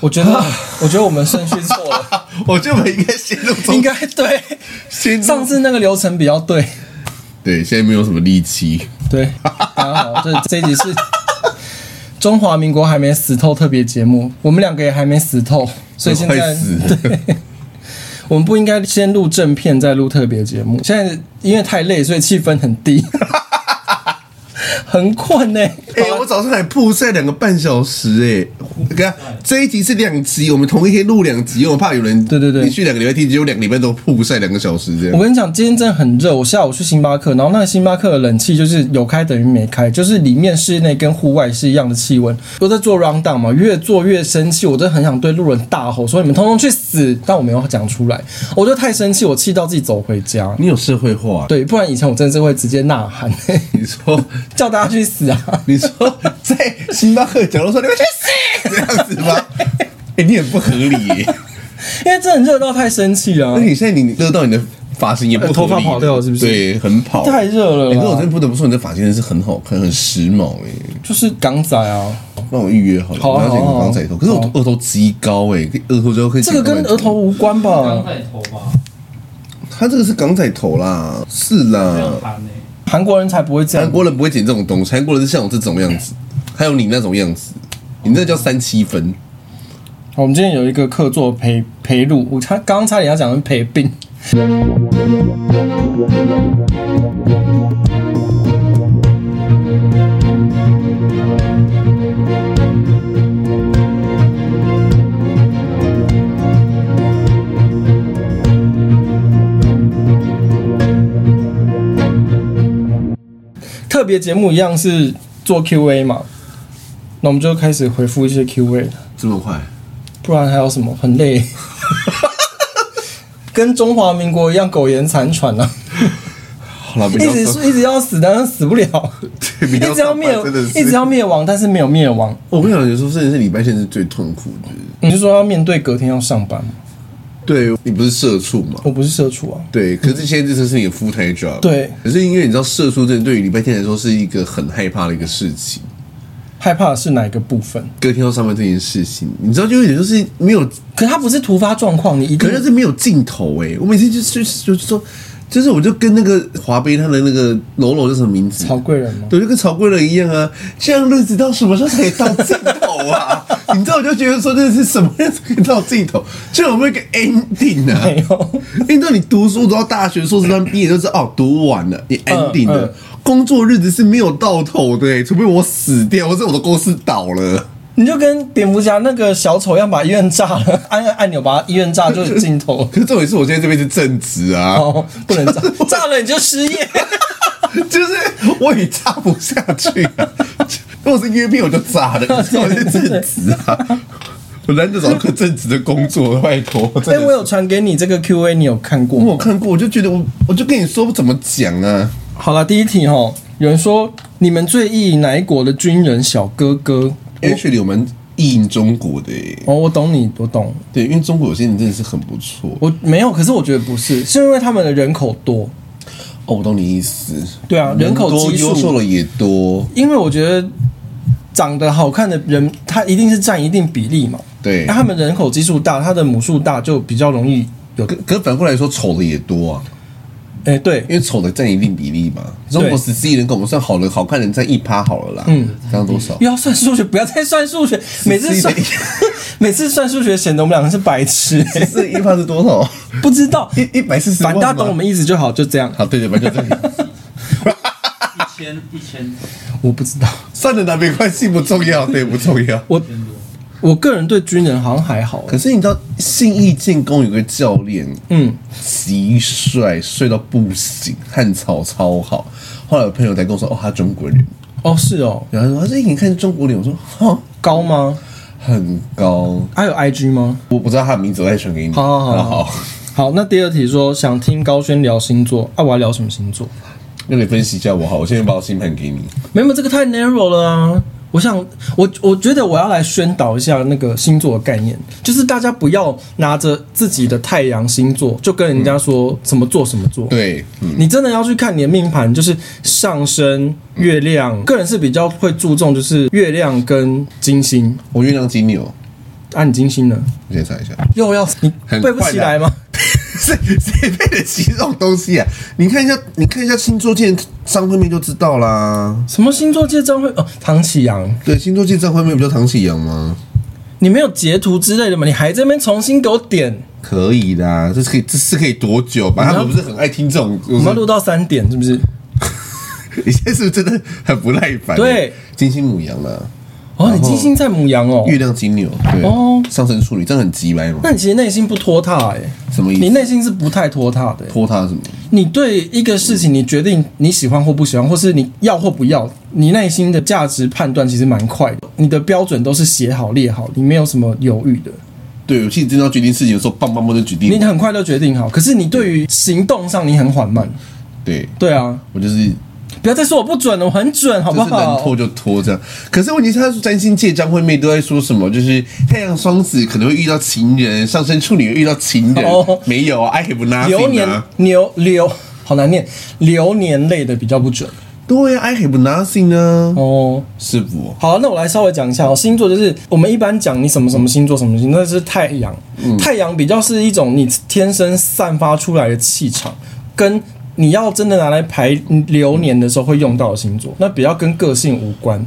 我覺得，我覺得我們順序錯了， 我覺得我們 應該先錄。應該對，先上次那個流程比較對。對，現在沒有什麼力氣。對，剛、 啊、好這這一集是中華民國還沒死透特別節目，特別節目我們兩個也還沒死透，所以現在對我們不應該先錄正片再錄特別節目。現在因為太累，所以氣氛很低。 很困呢，欸欸。我早上還曝曬兩個半小時哎、欸，你看這一集是兩集，我們同一天錄兩集，我怕有人對對對連續兩個禮拜天只有兩禮拜都曝曬兩個小時這樣。我跟你講，今天真的很熱，我下午去星巴克，然後那個星巴克的冷氣就是有開等於沒開，就是裡面室內跟戶外是一樣的氣溫。我在做 round down 嘛，越做越生氣，我真的很想對路人大吼，說你們通通去死，但我沒有講出來，我就太生氣，我氣到自己走回家。你有社會化。啊，對，不然以前我真的是會直接吶喊。你說。叫大家去死啊，啊，你說在星巴克假如說你們去死這樣子嗎？哎，有、欸、很不合理。耶，因為這很熱到太生氣了。那你現在你熱到你的髮型也不，呃、頭髮跑掉了是不是？對，很跑。太熱了。你、欸、跟我真的不得不說，你的髮型真是很好看，很時髦哎、欸。就是港仔啊，幫我預約好了，了、啊啊、我要剪個港仔頭。可是我額頭極高哎、欸，額頭就後可以。這個跟額頭無關吧？港仔頭吧，他這個是港仔頭啦，是啦。韓國人才不會這樣，韓國人不會剪這種東西，韓國人是像我這種樣子，還有你那種樣子，你那叫三七分。我們今天有一個客座陪陪錄，我他剛剛差點要講成陪病。嗯特別節目一樣是做 Q&A 嘛，那我們就開始回復一些 Q&A 了。這麼快？不然還有什麼？很累， 跟中華民國一樣苟延殘喘呢、啊。好了，一直是一直要死，但是死不了。一直要滅，一直要滅亡，但是沒有滅亡。哦、我跟你講，有時候真的是禮拜天是最痛苦的。你、就是嗯就是說要面對隔天要上班嗎？對，你不是社畜嗎？我不是社畜啊。對，可是現在這才是你的 full-time job。對，可是因為你知道，社畜這對於禮拜天來說是一個很害怕的一個事情。害怕的是哪一個部分？歌聽到上面這件事情，你知道，就有點就是沒有。可它不是突發狀況，你一個可是，是沒有盡頭哎、欸！我每次就是就是說，就是我就跟那個華妃他的那個嘍囉叫什麼名字？曹貴人嗎？對，就跟曹貴人一樣啊，這樣日子到什麼時候才到盡 哇， 你知道我就覺得說這是什麼樣子可以到盡頭，就有,有一個 ending 呢、啊？沒因為你讀書到大學碩士班畢業就是哦讀完了，你 ending 了、呃呃、工作日子是沒有到頭的、欸，除非我死掉，或者我的公司倒了。你就跟蝙蝠俠那個小丑一樣把醫院炸了，按按鈕把醫院炸就是鏡頭。可是這種也是我現在這邊是正職啊、哦，不能炸、就是，炸了你就失業。 就是我也炸不下去、啊。如果是約聘，我就炸了！我是正職啊， 我難得找到個正職的工作，拜托。哎、欸，我有傳給你這個 Q&A，你有看過嗎？我看過，我就覺得我我就跟你說，我怎麼講呢、啊？好了，第一題哈、哦，有人說你們最意淫哪一國的軍人小哥哥？其實我們意淫中國的、欸。哦，我懂你，我懂。對，因為中國有些人真的是很不錯、欸。我沒有，可是我覺得不是，是因為他們的人口多。哦，我懂你意思。對啊，人口多，優秀的也多。因為我覺得。長得好看的人，他一定是占一定比例嘛？對，他們人口基數大，他的母數大，就比較容易有。可可反過來說，醜的也多啊。哎、欸，對，因為醜的占一定比例嘛。如果十四億人口，我們算好人、好看的人占一趴好了啦。嗯，占多少？要算數學，不要再算數學。每次算， 每次算數學顯得我們兩個是白痴、欸。每次一趴是多少？ 不知道，一一百四十八。大家懂我們意思就好，就這樣。好，對對對，就這樣。 一千一千，我不知道。算了，那沒關係不重要，對，不重要。我我個人對軍人好像還好。可是你知道，信義建工有個教練，嗯，極帥，帥到不行，漢草超好。後來有朋友在跟我說，哦，他中國人。哦，是哦。然後說，他一眼看中國人，我說，哈，高嗎？很高。他、啊、有 IG 嗎？我不知道他的名字，我再傳給你。好好好好好。好，那第二題說，想聽高軒聊星座。啊，我要聊什麼星座？那你分析一下我好，我先把我星盤給你。沒有這個太 narrow 了啊！我想，我我覺得我要來宣導一下那個星座的概念，就是大家不要拿着自己的太陽星座就跟人家說、嗯、什麼座什麼座。對、嗯，你真的要去看你的命盤，就是上升、月亮、嗯。個人是比較會注重就是月亮跟金星。我、哦、月亮金牛，啊，你金星呢？我先查一下。又要你背不起來嗎？誰配得起這種東西啊？你看一下，你看一下星座界張惠妹就知道啦。什麼星座界張惠哦，唐綺陽。對，星座界張惠妹不叫唐綺陽嗎？你沒有截圖之類的嗎？你還在那邊重新給我點？可以啦。這是可以，這是可以多久吧？他們不是很愛聽這種歌？我們要錄到三點是不是？ 你現在是不是真的很不耐煩？對，金星牡羊了哦，你金星在牡羊哦，月亮金牛，對哦，上升處女，真的很急歪嘛？那你其實內心不拖沓。哎，什麼意思？你內心是不太拖沓的、欸，拖沓什麼？你對一個事情，你決定你喜歡或不喜歡，或是你要或不要，你內心的價值判斷其實蠻快的，你的標準都是寫好列好，你沒有什麼猶豫的。對，其實你真的要決定事情的時候，棒棒棒就決定。你很快就決定好，可是你對於行動上你很緩慢。對。對啊，我就是。不要再說我不準了，我很準，好不好？能拖就拖這樣。哦、可是問題是，他是占星界張惠妹都在說什麼？就是太陽雙子可能會遇到情人，上升處女遇到情人，哦、沒有、啊，I have nothing 流年、啊、流流好難念，流年類的比較不準。對啊，I have nothing 啊。哦，是不？好、啊，那我來稍微講一下哦。星座就是我們一般講你什麼什麼星座、嗯、什麼星座，那是太陽。太陽比較是一種你天生散發出來的氣場跟。你要真的拿來排流年的時候會用到的星座，那比較跟個性無關。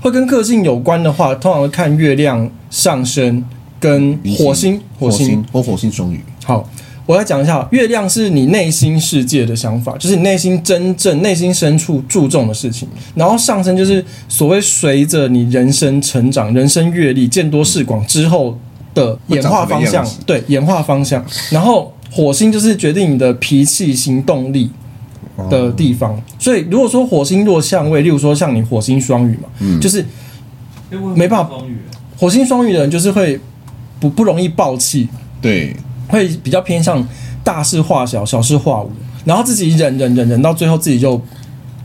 會跟個性有關的話，通常會看月亮、上升跟火星，星、火星，我火星雙魚。好，我來講一下，月亮是你內心世界的想法，就是你內心真正內心深處注重的事情。然後上升就是所謂隨着你人生成長、人生閱歷、見多識廣之後的演化方向，對，演化方向。然後。火星就是決定你的脾氣、行動力的地方，所以如果說火星弱相位，例如說像你火星雙魚嘛，嗯、就是沒辦法。火星雙魚的人就是會不不容易爆氣，對，會比較偏向大事化小、小事化無，然後自己忍忍忍忍到最後自己就。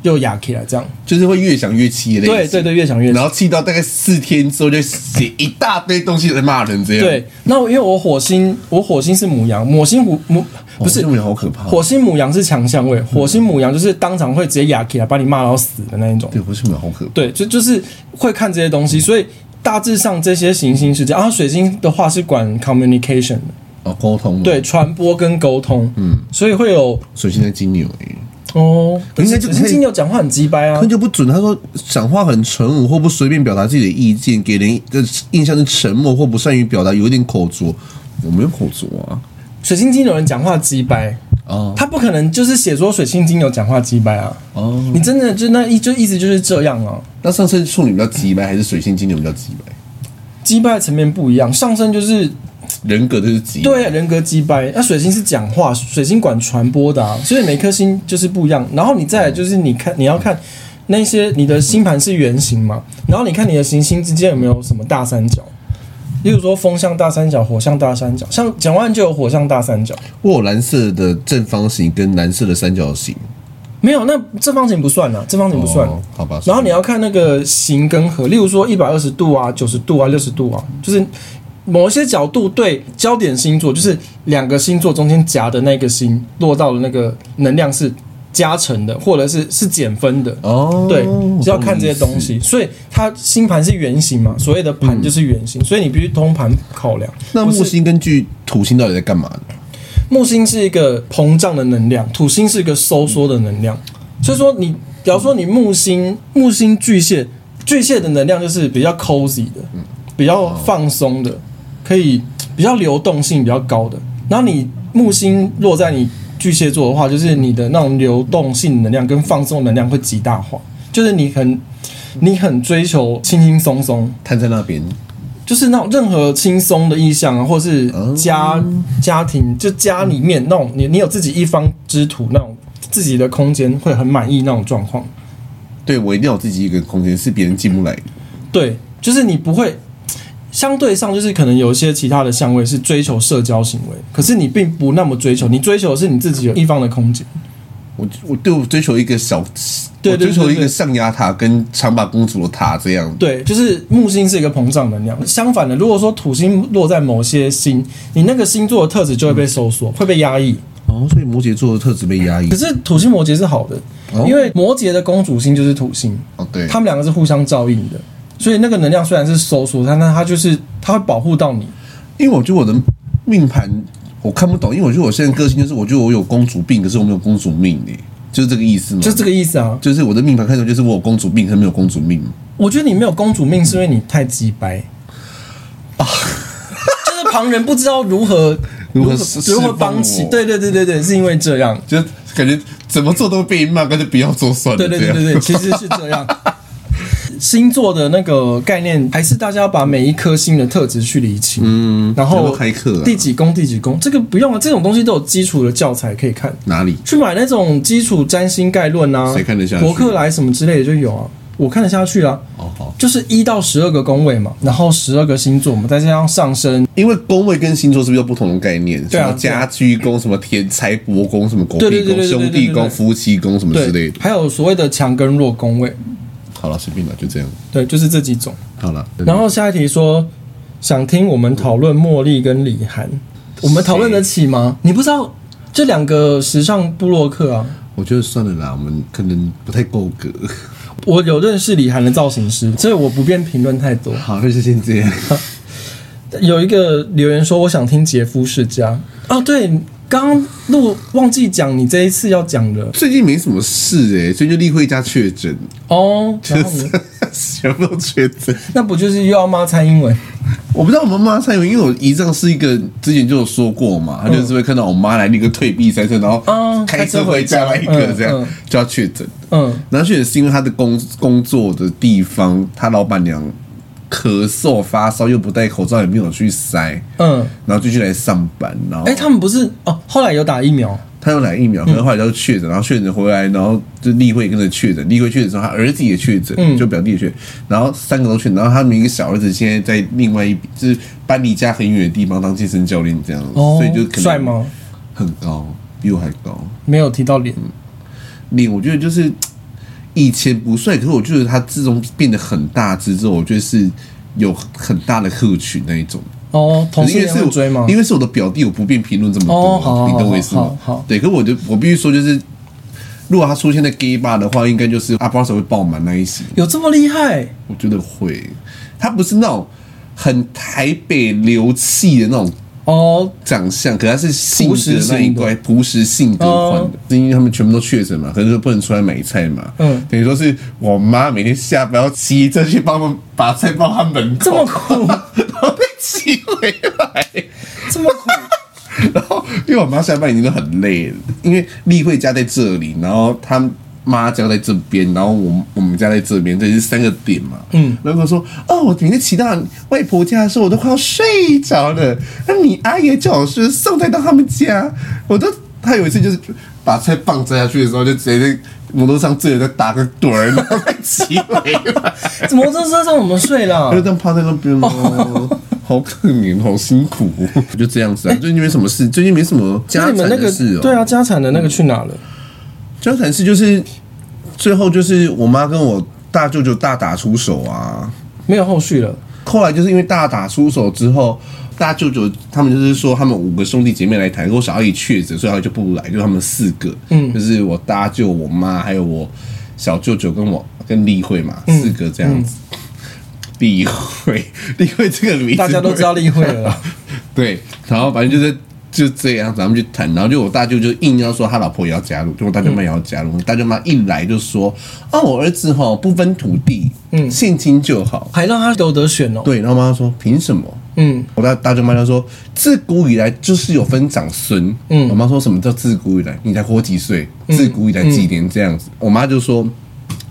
又牙起來這樣，就是會越想越氣的類型。對對對，越想越氣，然後氣到大概四天之後，就寫一大堆東西來罵人這樣。對，那因為我火星，我火星是牡羊，火星母母不是。母、哦、羊好可怕。火星牡羊是強項位，火星牡羊就是當場會直接牙起來把你罵到死的那一種。對，不是牡羊好可怕。對，就就是會看這些東西，所以大致上這些行星是這樣。然、啊、後水星的話是管 communication 的哦，溝通對傳播跟溝通嗯，所以會有水星在金牛。哦，應該就水星金牛講話很雞掰啊，那就不準。他說講話很沉穩，或不隨便表達自己的意見，給人的印象是沉默，或不善於表達，有點口拙。我沒有口拙啊。水星金牛人講話雞掰啊，他不可能就是寫說水星金牛講話雞掰啊。哦，你真的就那一就意思就是這樣啊。那上升處女比較雞掰，還是水星金牛比較雞掰？雞掰層面不一樣，上升就是。人格都是擊、啊，對人格擊敗，那水星是講話，水星管傳播的啊，所以每顆星就是不一樣。然後你再來，就是你看你要看那些你的星盤是圓形嘛，然後你看你的行星之間有沒有什麼大三角，例如說風向大三角、火象大三角，像講完就有火象大三角。我有藍色的正方形跟藍色的三角形？沒有，那正方形不算了、啊，正方形不算，哦、好吧。然後你要看那個形跟和，例如說一百二十度啊、九十度啊、六十度啊，就是。某一些角度對焦點星座，就是兩個星座中間夾的那個星，落到了那個能量是加成的，或者是是減分的哦。對，是要看這些東西。哦、所以它星盤是圓形嘛？所謂的盤就是圓形、嗯，所以你必須通盤考量、嗯。那木星根據土星到底在幹嘛呢？木星是一個膨脹的能量，土星是一個收縮的能量。嗯、所以說你，你比方說你木星、嗯，木星巨蟹，巨蟹的能量就是比較 cozy 的，嗯、比較放鬆的。哦。可以比較流動性比較高的。然後你木星落在你巨蟹座的話，就是你的那種流動性能量跟放鬆能量會極大化，就是你很你很追求輕輕鬆鬆，攤在那邊，就是那種任何輕鬆的意象啊，或是家、哦、家庭就家裡面那種，你你有自己一方之土那種自己的空間，會很滿意那種狀況。對，我一定要自己一個空間，是別人進不來。對，就是你不會。相對上就是可能有一些其他的相位是追求社交行為，可是你並不那麼追求，你追求的是你自己有一方的空間。我我就追求一個小，對對，追求一個象牙塔跟長髮公主的塔這樣。對，就是木星是一個膨脹能量。相反的，如果說土星落在某些星，你那個星座的特質就會被收縮、嗯，會被壓抑。哦，所以摩羯座的特質被壓抑。可是土星摩羯是好的、哦，因為摩羯的公主星就是土星。哦，對，他們兩個是互相照應的。所以那個能量雖然是收縮，但那它就是它會保護到你。因為我覺得我的命盤我看不懂，因為我覺得我現在個性就是，我覺得我有公主病，可是我沒有公主命，哎，就是這個意思嗎？就這個意思啊，就是我的命盤開頭就是我有公主病，可是沒有公主命。我覺得你沒有公主命，是因為你太直白啊，嗯、 就是旁人不知道如何如何如何幫起，對對對對對，是因為這樣， 就感覺怎麼做都被罵，那就不要做算了。對對對對對，其實是這樣。 星座的那個概念，還是大家要把每一顆星的特質去理清。嗯，然後開課，第、啊、幾宮，第幾宮，這個不用啊，這種東西都有基礎的教材可以看。哪裡？去買那種基礎占星概論啊，誰看得下去？博客來什麼之類的就有啊，我看得下去了、啊。哦好，就是一到十二個宮位嘛，然後十二個星座嘛，我們再加上上升，因為宮位跟星座是不是有不同的概念？對、啊、家居宮、什麼田財帛宮、什麼兄弟宮、兄弟宮、夫妻宮什麼之類的，還有所謂的強跟弱宮位。好了，隨便吧，就這樣。對，就是這幾種。好了，然後下一題說，想聽我們討論茉莉跟李涵、哦，我們討論得起嗎？你不知道這兩個時尚部落客啊？我覺得算了啦，我們可能不太夠格。我有認識李涵的造型師，所以我不便評論太多。好，謝謝先這樣、啊。有一個留言說，我想聽傑夫世家。哦，對。剛錄忘記講，你這一次要講的最近沒什麼事哎、欸，所以就麗慧家確診哦，然後、就是、全部確診，那不就是又要罵蔡英文？我不知道我們罵蔡英文，因為我姨丈是一個之前就有說過嘛，他、嗯、就是會看到我媽來那個退避三舍，然後開車回家來，一個這樣，啊嗯嗯、就要確診。嗯，然後確診是因為他的工工作的地方，他老板娘。咳嗽發燒又不戴口罩也沒有去塞，嗯，然後繼續來上班，然後哎，他們不是哦，後來有打疫苗，他有打疫苗，然後後來就確診、嗯，然後確診回來，然後就麗慧跟着確診，麗慧確診之後，他兒子也確診，嗯、就表弟也確診，然後三個都確診，然後他們一個小兒子現在在另外一就是搬離家很遠的地方當健身教練這樣子。哦，所以就帥嗎？很高，比我還高，沒有提到臉，嗯、臉我覺得就是。以前不帥，可是我覺得他自從變得很大之後，我覺得是有很大的客群那一種。哦，同因為是追嗎？因為是我的表弟，我不便評論這麼多。你懂我意思嗎？好，好，好，好，對，可是我就我必須說，就是如果他出現在 gay bar 的話，應該就是阿 s 才會爆滿那一種。有這麼厲害？我覺得會，他不是那種很台北流氣的那種。哦、oh,，長相，可是他是樸實性格，樸實性格的，性的性格的 oh. 是因為他們全部都確診嘛，可是不能出來買菜嘛，oh. 等於說是我媽每天下班要騎車去幫忙把菜放他們門口，這麼苦，然 後被騎回來，這麼苦， 然後因為我媽下班已經都很累了，因為立慧家在這裡，然後他。媽家在這邊，然後我我們家在這邊，這是三個點嘛。嗯，然後說哦，我明天騎到外婆家的時候，我都快要睡着了。那你阿爺叫我說送菜到他們家，我都他有一次就是把菜棒摘下去的時候，就直接在摩托車上自己在打個盹， 然後再騎回來。怎麼摩托車上我們睡了？就這樣趴在那邊 好可憐，好辛苦， 就這樣子啊。最近沒什麼事，欸、最近沒什麼家產的事、哦、那個，對啊，家產的那個去哪了？嗯交談是就是最後就是我媽跟我大舅舅大打出手啊，沒有後續了。後來就是因為大打出手之後，大舅舅他們就是說他們五個兄弟姐妹來談，如果小阿姨確診，所以他就不如來，就他們四個，嗯，就是我大舅、我媽還有我小舅舅跟我跟立會嘛、嗯，四個這樣子。嗯、立會立會這個名大家都知道立會了， 對，然後反正就是。嗯就這樣子，咱們就談。然後就我大舅就硬要說他老婆也要加入，就我大舅媽也要加入。嗯、大舅媽一來就說：“啊、哦，我兒子哈不分土地，嗯，現金就好，還讓他有得選哦。”對，然後媽媽說：“憑什麼？”嗯，我大大舅媽就說：“自古以來就是有分長孫。”嗯，我媽說什麼叫自古以來？你才活幾歲？自古以來幾年這樣子？嗯嗯、我媽就說：“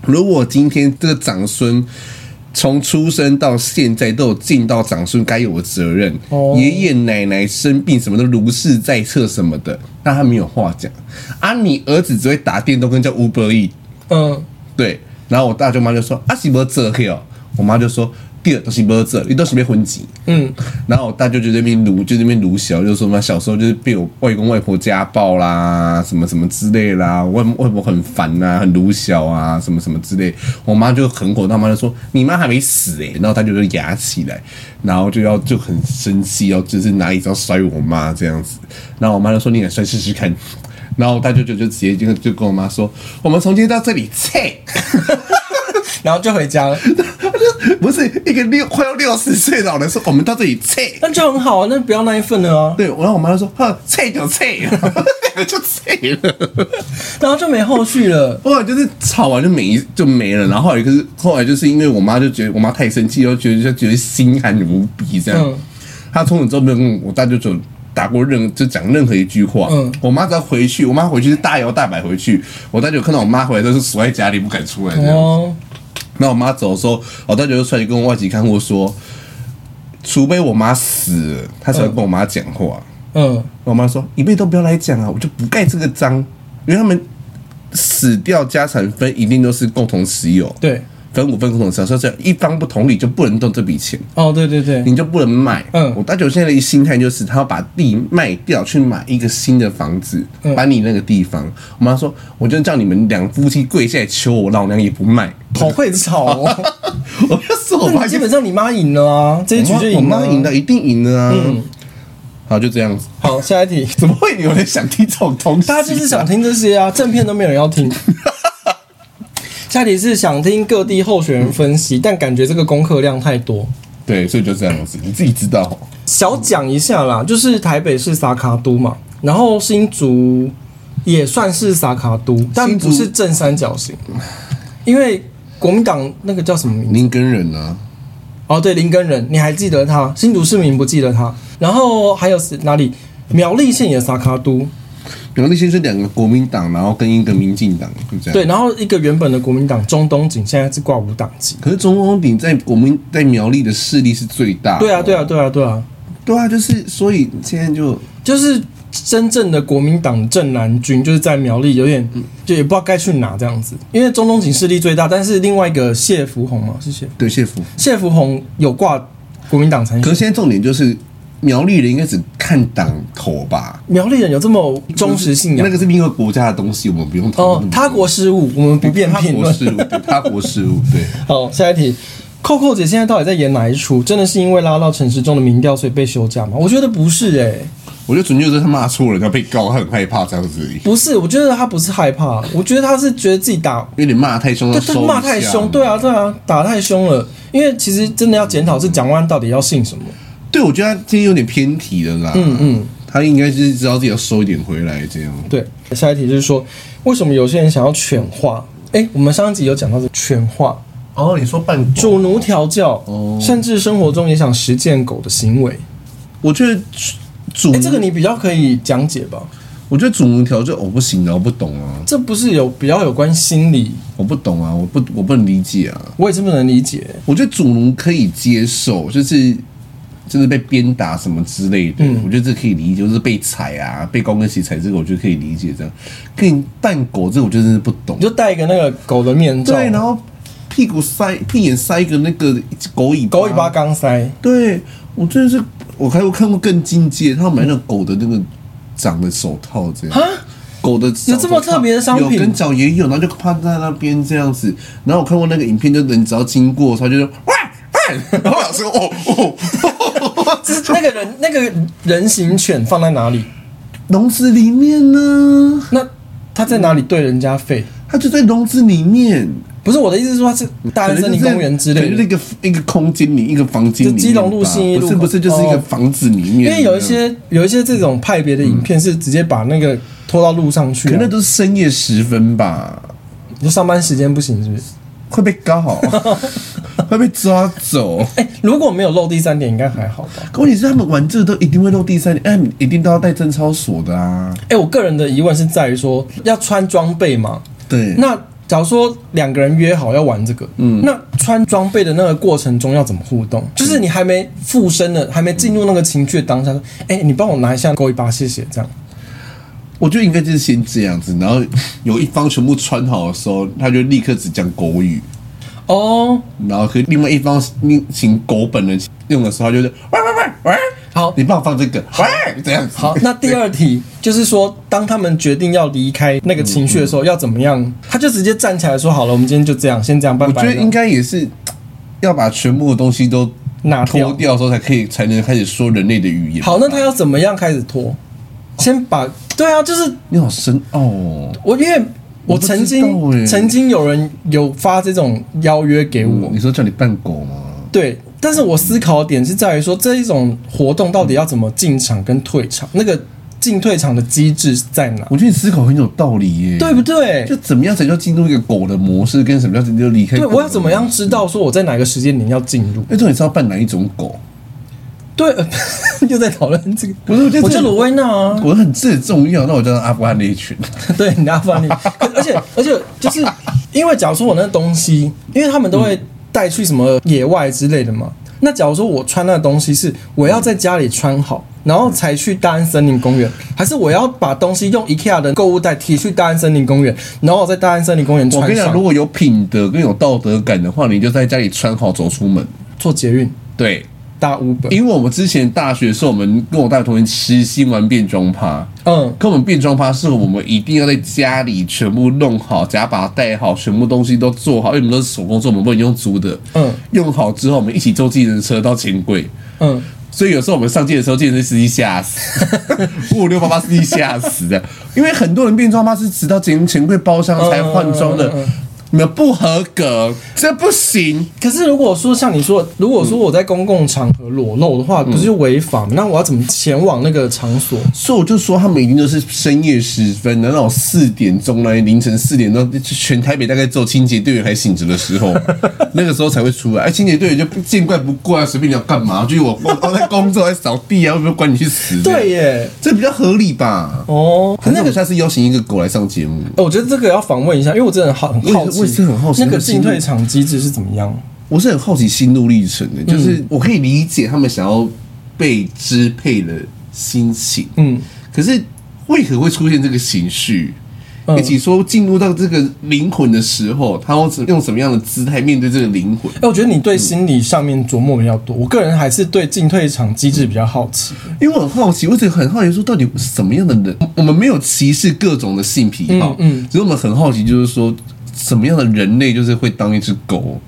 如果今天這個長孫。”從出生到現在，都有盡到長孫該有的責任。爺、oh. 爺奶奶生病，什麼都如是在冊什麼的，但他沒有話講。啊，你兒子只會打電動，跟叫 Uber Eats。嗯，對。然後我大舅媽就說：“阿什麼這黑哦、喔？”我媽就說。第二都是沒這，你都是沒分級。嗯，然後我大舅舅那邊盧，就那邊盧小，就說嘛小時候就是被我外公外婆家暴啦，什麼什麼之類啦，外外婆很煩啊，很盧小啊，什麼什麼之類。我媽就很火大，我媽就說，你媽還沒死哎、欸，然後他就是牙起來，然後就要就很生氣，要就是拿一招摔我媽這樣子。然後我媽就說，你敢摔試試看。然後我大舅舅就，就直接就就跟我媽說，我們從今天到這裡切。 然後就回家了， 不是一個六快要六十歲的老人說我們到這裡拆，那就很好啊，那不要那一份了啊。對，然後我媽就說：“哼，拆就拆，就拆了。 了”然後就沒後續了。 後來就是吵完就沒就沒了、嗯。然後後來、就是後來就是因為我媽就覺得我媽太生氣，然後覺得就覺得心寒無比這樣。她、嗯、從此之後沒有跟我大舅舅打過任就講任何一句話。嗯。我媽只要回去，我媽回去是大搖大擺回去。我大舅看到我媽回來都是鎖在家裡不敢出來這樣。哦。那我媽走的時候，我、哦、老大就出來跟我外籍看護說：“除非我媽死了，她才會跟我媽講話。”嗯，嗯，我媽說：“一輩子都不要來講啊，我就不蓋這個章。”因為他們死掉，家產分一定都是共同持有。對。分股份合同，假設是一方不同意，就不能動這筆錢。哦、oh，對對對，你就不能賣。嗯，我大舅現在的心態就是，他要把地賣掉去買一個新的房子，把、嗯、你那個地方。我媽說，我就叫你們兩夫妻跪下來求我老娘也不賣。好會吵哦、喔！ 我要說我，基本上你媽贏了啊，這一局就贏了。我媽贏了，一定贏了啊。嗯，好，就這樣子。好，下一題。 怎麼會有人想聽這種東西、啊？大家就是想聽這些啊，正片都沒有人要聽。 下一題是想聽各地候選人分析，但感覺這個功課量太多。對，所以就這樣子，你自己知道。小講一下啦，就是台北是薩卡都嘛，然後新竹也算是薩卡都，但不是正三角形，因為國民黨那個叫什麼名字？林根人啊。哦，對，林根人，你還記得他？新竹市民不記得他。然後還有是哪裡？苗栗縣也薩卡都。苗栗先生，是兩個國民黨，然後跟一個民進黨，就、嗯、這樣。對，然後一個原本的國民黨鍾東錦現在是掛無黨籍。可是鍾東錦在國民在苗栗的勢力是最大。對啊，對啊，對啊，對啊，對啊，就是所以現在就就是真正的國民黨正藍軍就是在苗栗，有點、嗯、就也不知道該去哪這樣子。因為鍾東錦勢力最大，但是另外一個謝福弘嘛，謝謝，對謝福謝福弘有掛國民黨參選，可是現在重點就是。苗栗人應該只看黨口吧？苗栗人有這麼忠實信仰？那個是因為國家的東西，我們不用討論，哦，他國事務我們不便評論。他國事務 對，他國事務對。好，下一題，扣扣姐現在到底在演哪一出？真的是因為拉到陳時中的民調，所以被休假嗎？我覺得不是誒、欸，我覺得準確是他罵錯了，他被告，他很害怕這樣子。不是，我覺得他不是害怕，我覺得他是覺得自己打有點罵太凶了。罵太凶，對啊，對啊，打太凶了。因為其實真的要檢討，是蔣萬安到底要信什麼？對，我覺得他今天有點偏題了啦。嗯嗯，他應該是知道自己要收一點回來這樣。對，下一題就是說，為什麼有些人想要犬化？哎、嗯，我們上一集有講到的、這個、犬化哦。你說扮主奴調教哦，甚至生活中也想實踐狗的行為。我覺得主，哎，這個你比較可以講解吧？我覺得主奴調教，我不行然後我不懂啊。這不是有比較有關心理，我不懂啊，我不我不能理解啊，我也是不能理解。我覺得主奴可以接受，就是。就是被鞭打什麼之類的、嗯，我覺得這可以理解。就是被踩啊，被高跟鞋踩，這個我覺得可以理解。這樣，跟扮狗這個，我覺得真是不懂。就戴一個那個狗的面罩，對，然後屁股塞、屁眼塞一個那個狗尾巴，狗尾巴剛塞。對，我真的是我看過看過更境界，他買那個狗的那個長的手套這樣。啊，狗的有這麼特別的商品？有跟腳也有，然後就趴在那邊這樣子。然後我看過那個影片，就人只要經過，他就說喂。汪、啊，然後老師哦哦。哦 就是那個人，那個人形犬放在哪裡？籠子裡面呢？那他在哪裡對人家吠、嗯？他就在籠子裡面。不是我的意思，說他是大安森林公園之類的，就是、那一個一個空間裡，一個房間裡面。就基隆路、信義路，不是不是，就是一個房子裡面，裡面、哦。因為有一些有一些這種派別的影片是直接把那個拖到路上去、啊，可能那都是深夜時分吧。就上班時間不行，是不是會被告、哦？ 會被抓走，欸。哎，如果沒有漏第三點，應該還好吧？可問題是，是他們玩這個都一定會漏第三點，哎，欸，一定都要帶貞操鎖的啊。哎，欸，我個人的疑問是在於說，要穿裝備嘛？對。那假如說兩個人約好要玩這個，嗯，那穿裝備的那個過程中要怎麼互動？就是你還沒附身的，還沒進入那個情緒當下，說，哎，欸，你幫我拿一下勾一把，謝謝。這樣，我就應該就是先這樣子，然後有一方全部穿好的時候， 他就立刻只講國語。哦、oh,，然後可以另外一方請狗本人用的時候，就是喂喂喂喂，好、oh.，你幫我放這個喂，oh. 這樣子好，那第二題就是說，當他們決定要離開那個情緒的時候嗯嗯，要怎麼樣？他就直接站起來說：“好了，我們今天就這樣，先這樣拜拜。”我覺得應該也是要把全部的東西都的時候拿脫掉之後，才可以才能開始說人類的語言。好，那他要怎麼樣開始脫、哦？先把對啊，就是你好深奧、哦。我因為。我，欸、我曾經曾經有人有發這種邀約給我，嗯、你說叫你扮狗嗎？對，但是我思考的點是在於說這一種活動到底要怎麼進場跟退場，嗯、那個進退場的機制在哪？我覺得你思考很有道理耶、欸，對不對？就怎麼樣才叫進入一個狗的模式，跟什麼樣叫就離開？對，我要怎麼樣知道說我在哪個時間點要進入？哎，重點是要扮哪一種狗？對，又在討論這個。不是、就是、我是羅威納啊，我很自重要。那我叫阿富汗獵犬。 對，你阿富汗獵犬。而且而且，就是因為假如說我那東西，因為他們都會帶去什麼野外之類的嘛。嗯、那假如說我穿那東西是我要在家裡穿好，然後才去大安森林公園，還是我要把東西用 IKEA 的購物袋提去大安森林公園，然後我在大安森林公園穿？我跟你講，如果有品德跟有道德感的話，你就在家裡穿好，走出門坐捷運。對。大五本，因為我們之前大學的時候，我們跟我大學同學吃心玩變裝趴。嗯，可我們變裝趴是我們一定要在家裡全部弄好，假把帶好，全部東西都做好，因為我們都是手工做，我們不能用租的。嗯，用好之後，我們一起坐計程車到錢櫃。嗯，所以有時候我們上街的時候，計程車司機嚇死，五五六八八司機嚇死的，因為很多人變裝趴是直到進入錢櫃包廂才換裝的。嗯嗯嗯嗯嗯嗯沒有不合格，這不行。可是如果說像你說，如果說我在公共場合裸露的話，嗯、不是違法？那我要怎麼前往那個場所？嗯、所以我就說，他們一定都是深夜時分，然後四點鐘來，凌晨四點鐘，全台北大概只有清潔隊員還醒着的時候， 那個時候才會出來。哎，清潔隊員就見怪不怪、啊，隨便你要幹嘛？就是我我、哦、在工作，在掃地啊，我不管你去死。對耶，這比較合理吧？哦，那個下次邀請一個狗來上節目，哦、我覺得這個要訪問一下，因為我真的很好奇。我是很好奇那個進退場機制是怎麼樣。我是很好奇心路歷程的、嗯，就是我可以理解他們想要被支配的心情。嗯，可是為何會出現這個情緒？嗯、以及說進入到這個靈魂的時候，他要用什麼樣的姿態面對這個靈魂、欸？我覺得你對心理上面琢磨比較多，嗯、我個人還是對進退場機制比較好奇、嗯嗯，因為我很好奇，我只是很好奇說到底是什麼樣的人。我們沒有歧視各種的性癖啊，嗯，所、嗯、以我們很好奇，就是說。什麼樣的人類就是會當一隻狗？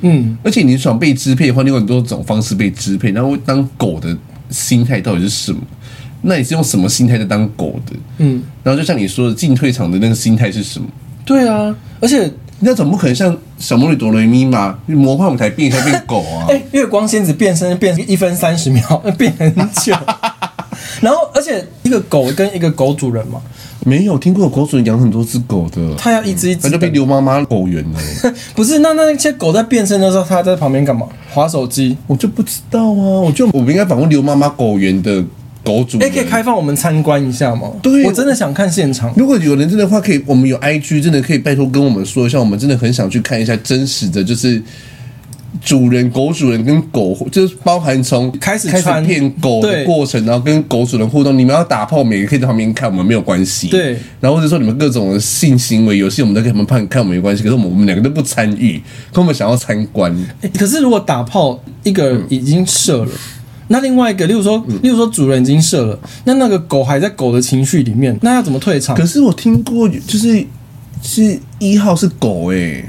嗯，而且你想被支配的話，你有很多種方式被支配。然後當狗的心態到底是什麼？那你是用什麼心態在當狗的？嗯，然後就像你說的進退場的那個心態是什麼？對啊，而且那怎麼可能像小魔女朵蕾咪嘛，魔幻舞台變一下變狗啊？哎、 欸，月光仙子變身變一分三十秒，變很久。 然後，而且一個狗跟一個狗主人嘛，沒有聽過狗主人養很多隻狗的，他要一隻一隻、嗯、就被劉媽媽狗園。了。 不是，那那那些狗在變身的時候，他在旁邊幹嘛？滑手機？我就不知道啊，我就我們應該訪問劉媽媽狗園的狗主人。人，欸、可以開放我們參觀一下嗎？對，我真的想看現場。如果有人真的話，可以，我們有 IG，真的可以拜托跟我們說一下。我們真的很想去看一下真實的，就是。主人、狗主人跟狗，就是包含從開始開片騙狗的過程，然後跟狗主人互動。你們要打炮，每個可以在旁邊看我們，沒有關係。對。然後或者說你們各種的性行為遊戲，我們都給他們判看，我們沒關係。可是我們我們兩個都不參與，可我們想要參觀、欸。可是如果打炮，一個人已經射了、嗯，那另外一個，例如說、嗯，例如說主人已經射了，那那個狗還在狗的情緒裡面，那要怎麼退場？可是我聽過，就是、就是一號是狗誒、欸，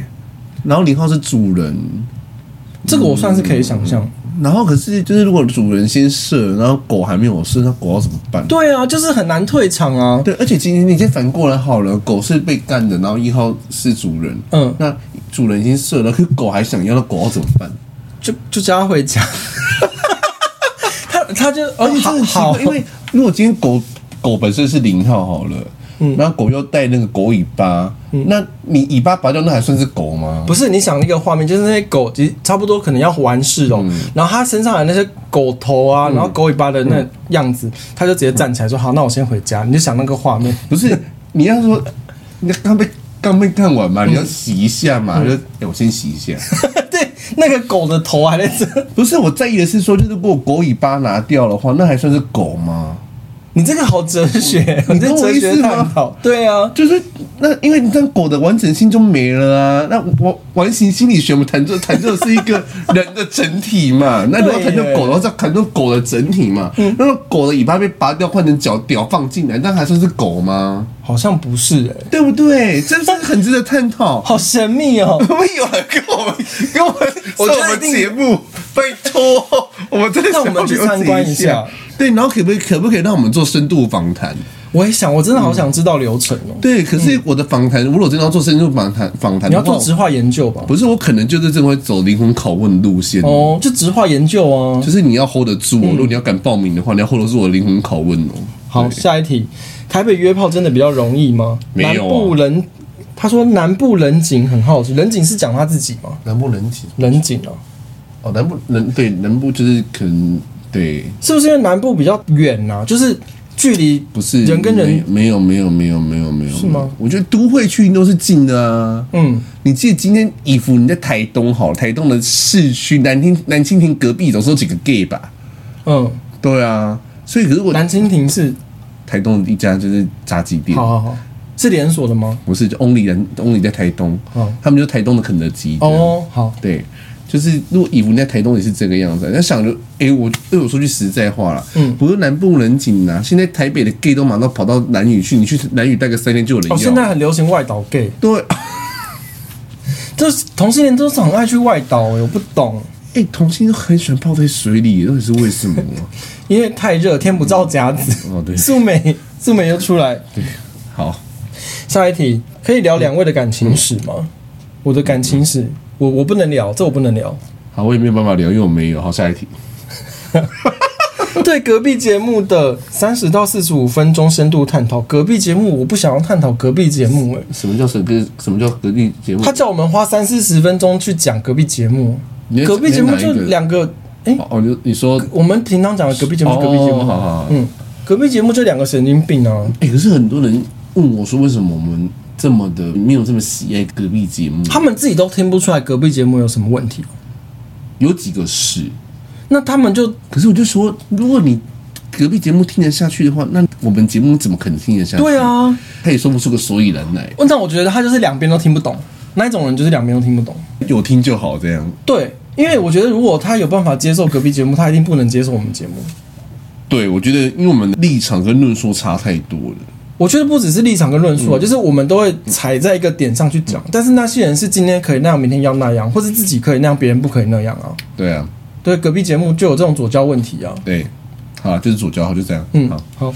然後零號是主人。嗯、這個我算是可以想象。嗯、然後可是就是，如果主人先射，然後狗還沒有射，那狗要怎麼辦？對啊，就是很難退場啊。對，而且今天你先反過來好了，狗是被幹的，然後一號是主人。嗯，那主人已經射了，可是狗還想要，那狗要怎麼辦？就就叫他回家。 他他就而且好，好，因為如果今天狗狗本身是零號好了。嗯、然後狗又帶那個狗尾巴、嗯，那你尾巴拔掉，那還算是狗嗎？不是，你想那個畫面，就是那些狗，其實差不多可能要完事了、喔嗯。然後它身上的那些狗頭啊、嗯，然後狗尾巴的那樣子，嗯、它就直接站起來說：“嗯、好，那我先回家。”你就想那個畫面，不是？你要說你剛被剛被看完嘛，你要洗一下嘛？嗯、就、欸、我先洗一下。 對，那個狗的頭還在這，不是，我在意的是說，就是如果狗尾巴拿掉的話，那還算是狗嗎？你這個好哲學， 你這個哲學很好。對啊，就是那，因為你這樣狗的完整性就沒了啊，那我。完形心理學，我們談這談這個是一個人的整體嘛？ 那如果談這狗的話，再談就談狗的整體嘛？那、嗯、狗的尾巴被拔掉，換成腳屌放進來，那還算是狗嗎？好像不是，哎，對不對？真是很值得探討， 好神秘哦！ 怎麼有人跟我們跟我們上我們節目？拜托，我們真的，讓我們去參觀一下。一下對，然後可不可以可不可以讓我們做深度訪談？我也想，我真的好想知道流程哦。嗯、對，可是我的訪談，嗯、如果我真的要做深入訪談，訪談你要做質化研究吧？不是，我可能就是這種走靈魂拷問路線哦，就質化研究啊。就是你要 hold 得住、哦、嗯，如果你要敢報名的話，你要 hold 得住我的靈魂拷問哦。好，下一題，台北約炮真的比較容易嗎？沒有啊、南部人，他說南部人情很好，人情是講他自己嗎？南部人情，人情啊，哦，南部人對南部就是可能對，是不是因為南部比較遠啊？就是。距離不是人跟人沒，沒有沒有沒有沒有沒有，是嗎？我覺得都會區都是近的啊。嗯，你記得今天傑夫你在台東好，台東的市區藍蜻、藍蜻蜓隔壁總是有幾個 gay 吧？嗯，對啊。所以如果藍蜻蜓是台東的一家就是炸雞店，好好好，是連鎖的嗎？不是，就 only 人 only 在台東，哦、他們就台東的肯德基哦，哦。好，對，就是如果傑夫你在台東也是這個樣子，那想着。哎、欸，我哎，我說句實在話啦。嗯，我說南部人景吶、啊，現在台北的 gay 都馬上跑到蘭嶼去，你去蘭嶼待個三天就有人要。哦，現在很流行外島 gay，對， 這同性戀都是很愛去外島。欸，我不懂。哎、欸，同性都很喜歡泡在水裡，到底是為什麼、啊？ 因為太熱，天不照，甲子、嗯。哦，對， 素美，素美又出來。對，好，下一題可以聊兩位的感情史嗎？嗯、我的感情史，嗯、我我不能聊，這我不能聊。好，我也沒有辦法聊，因為我沒有。好，下一題。 對隔壁節目的三十到四十五分鐘深度探討，隔壁節目我不想要探討隔壁節目哎，什麼叫隔壁，什麼叫隔壁節目？他叫我們花三四十分鐘去講隔壁節目，隔壁節目就兩個哎哦，你你說我們平常講的隔壁節目，隔壁節目，嗯，隔壁節目就兩個神經病啊！可是很多人問我說，為什麼我們這麼的沒有這麼喜愛隔壁節目？他們自己都聽不出來隔壁節目有什麼問題？有幾個是。那他們就，可是我就說，如果你隔壁節目聽得下去的話，那我們節目怎麼可能聽得下去？對啊，他也說不出個所以然來。正常我覺得他就是兩邊都聽不懂，那一種人就是兩邊都聽不懂，有聽就好這樣。對，因為我覺得如果他有辦法接受隔壁節目，他一定不能接受我們節目。對，我覺得因為我們的立場跟論述差太多了。我覺得不只是立場跟論述啊、嗯，就是我們都會踩在一個點上去講、嗯，但是那些人是今天可以那樣，明天要那樣，或是自己可以那樣，別人不可以那樣啊。對啊。對，隔壁節目就有這種左膠問題啊。對，好、啊，就是左膠，好就這樣。嗯，好，好。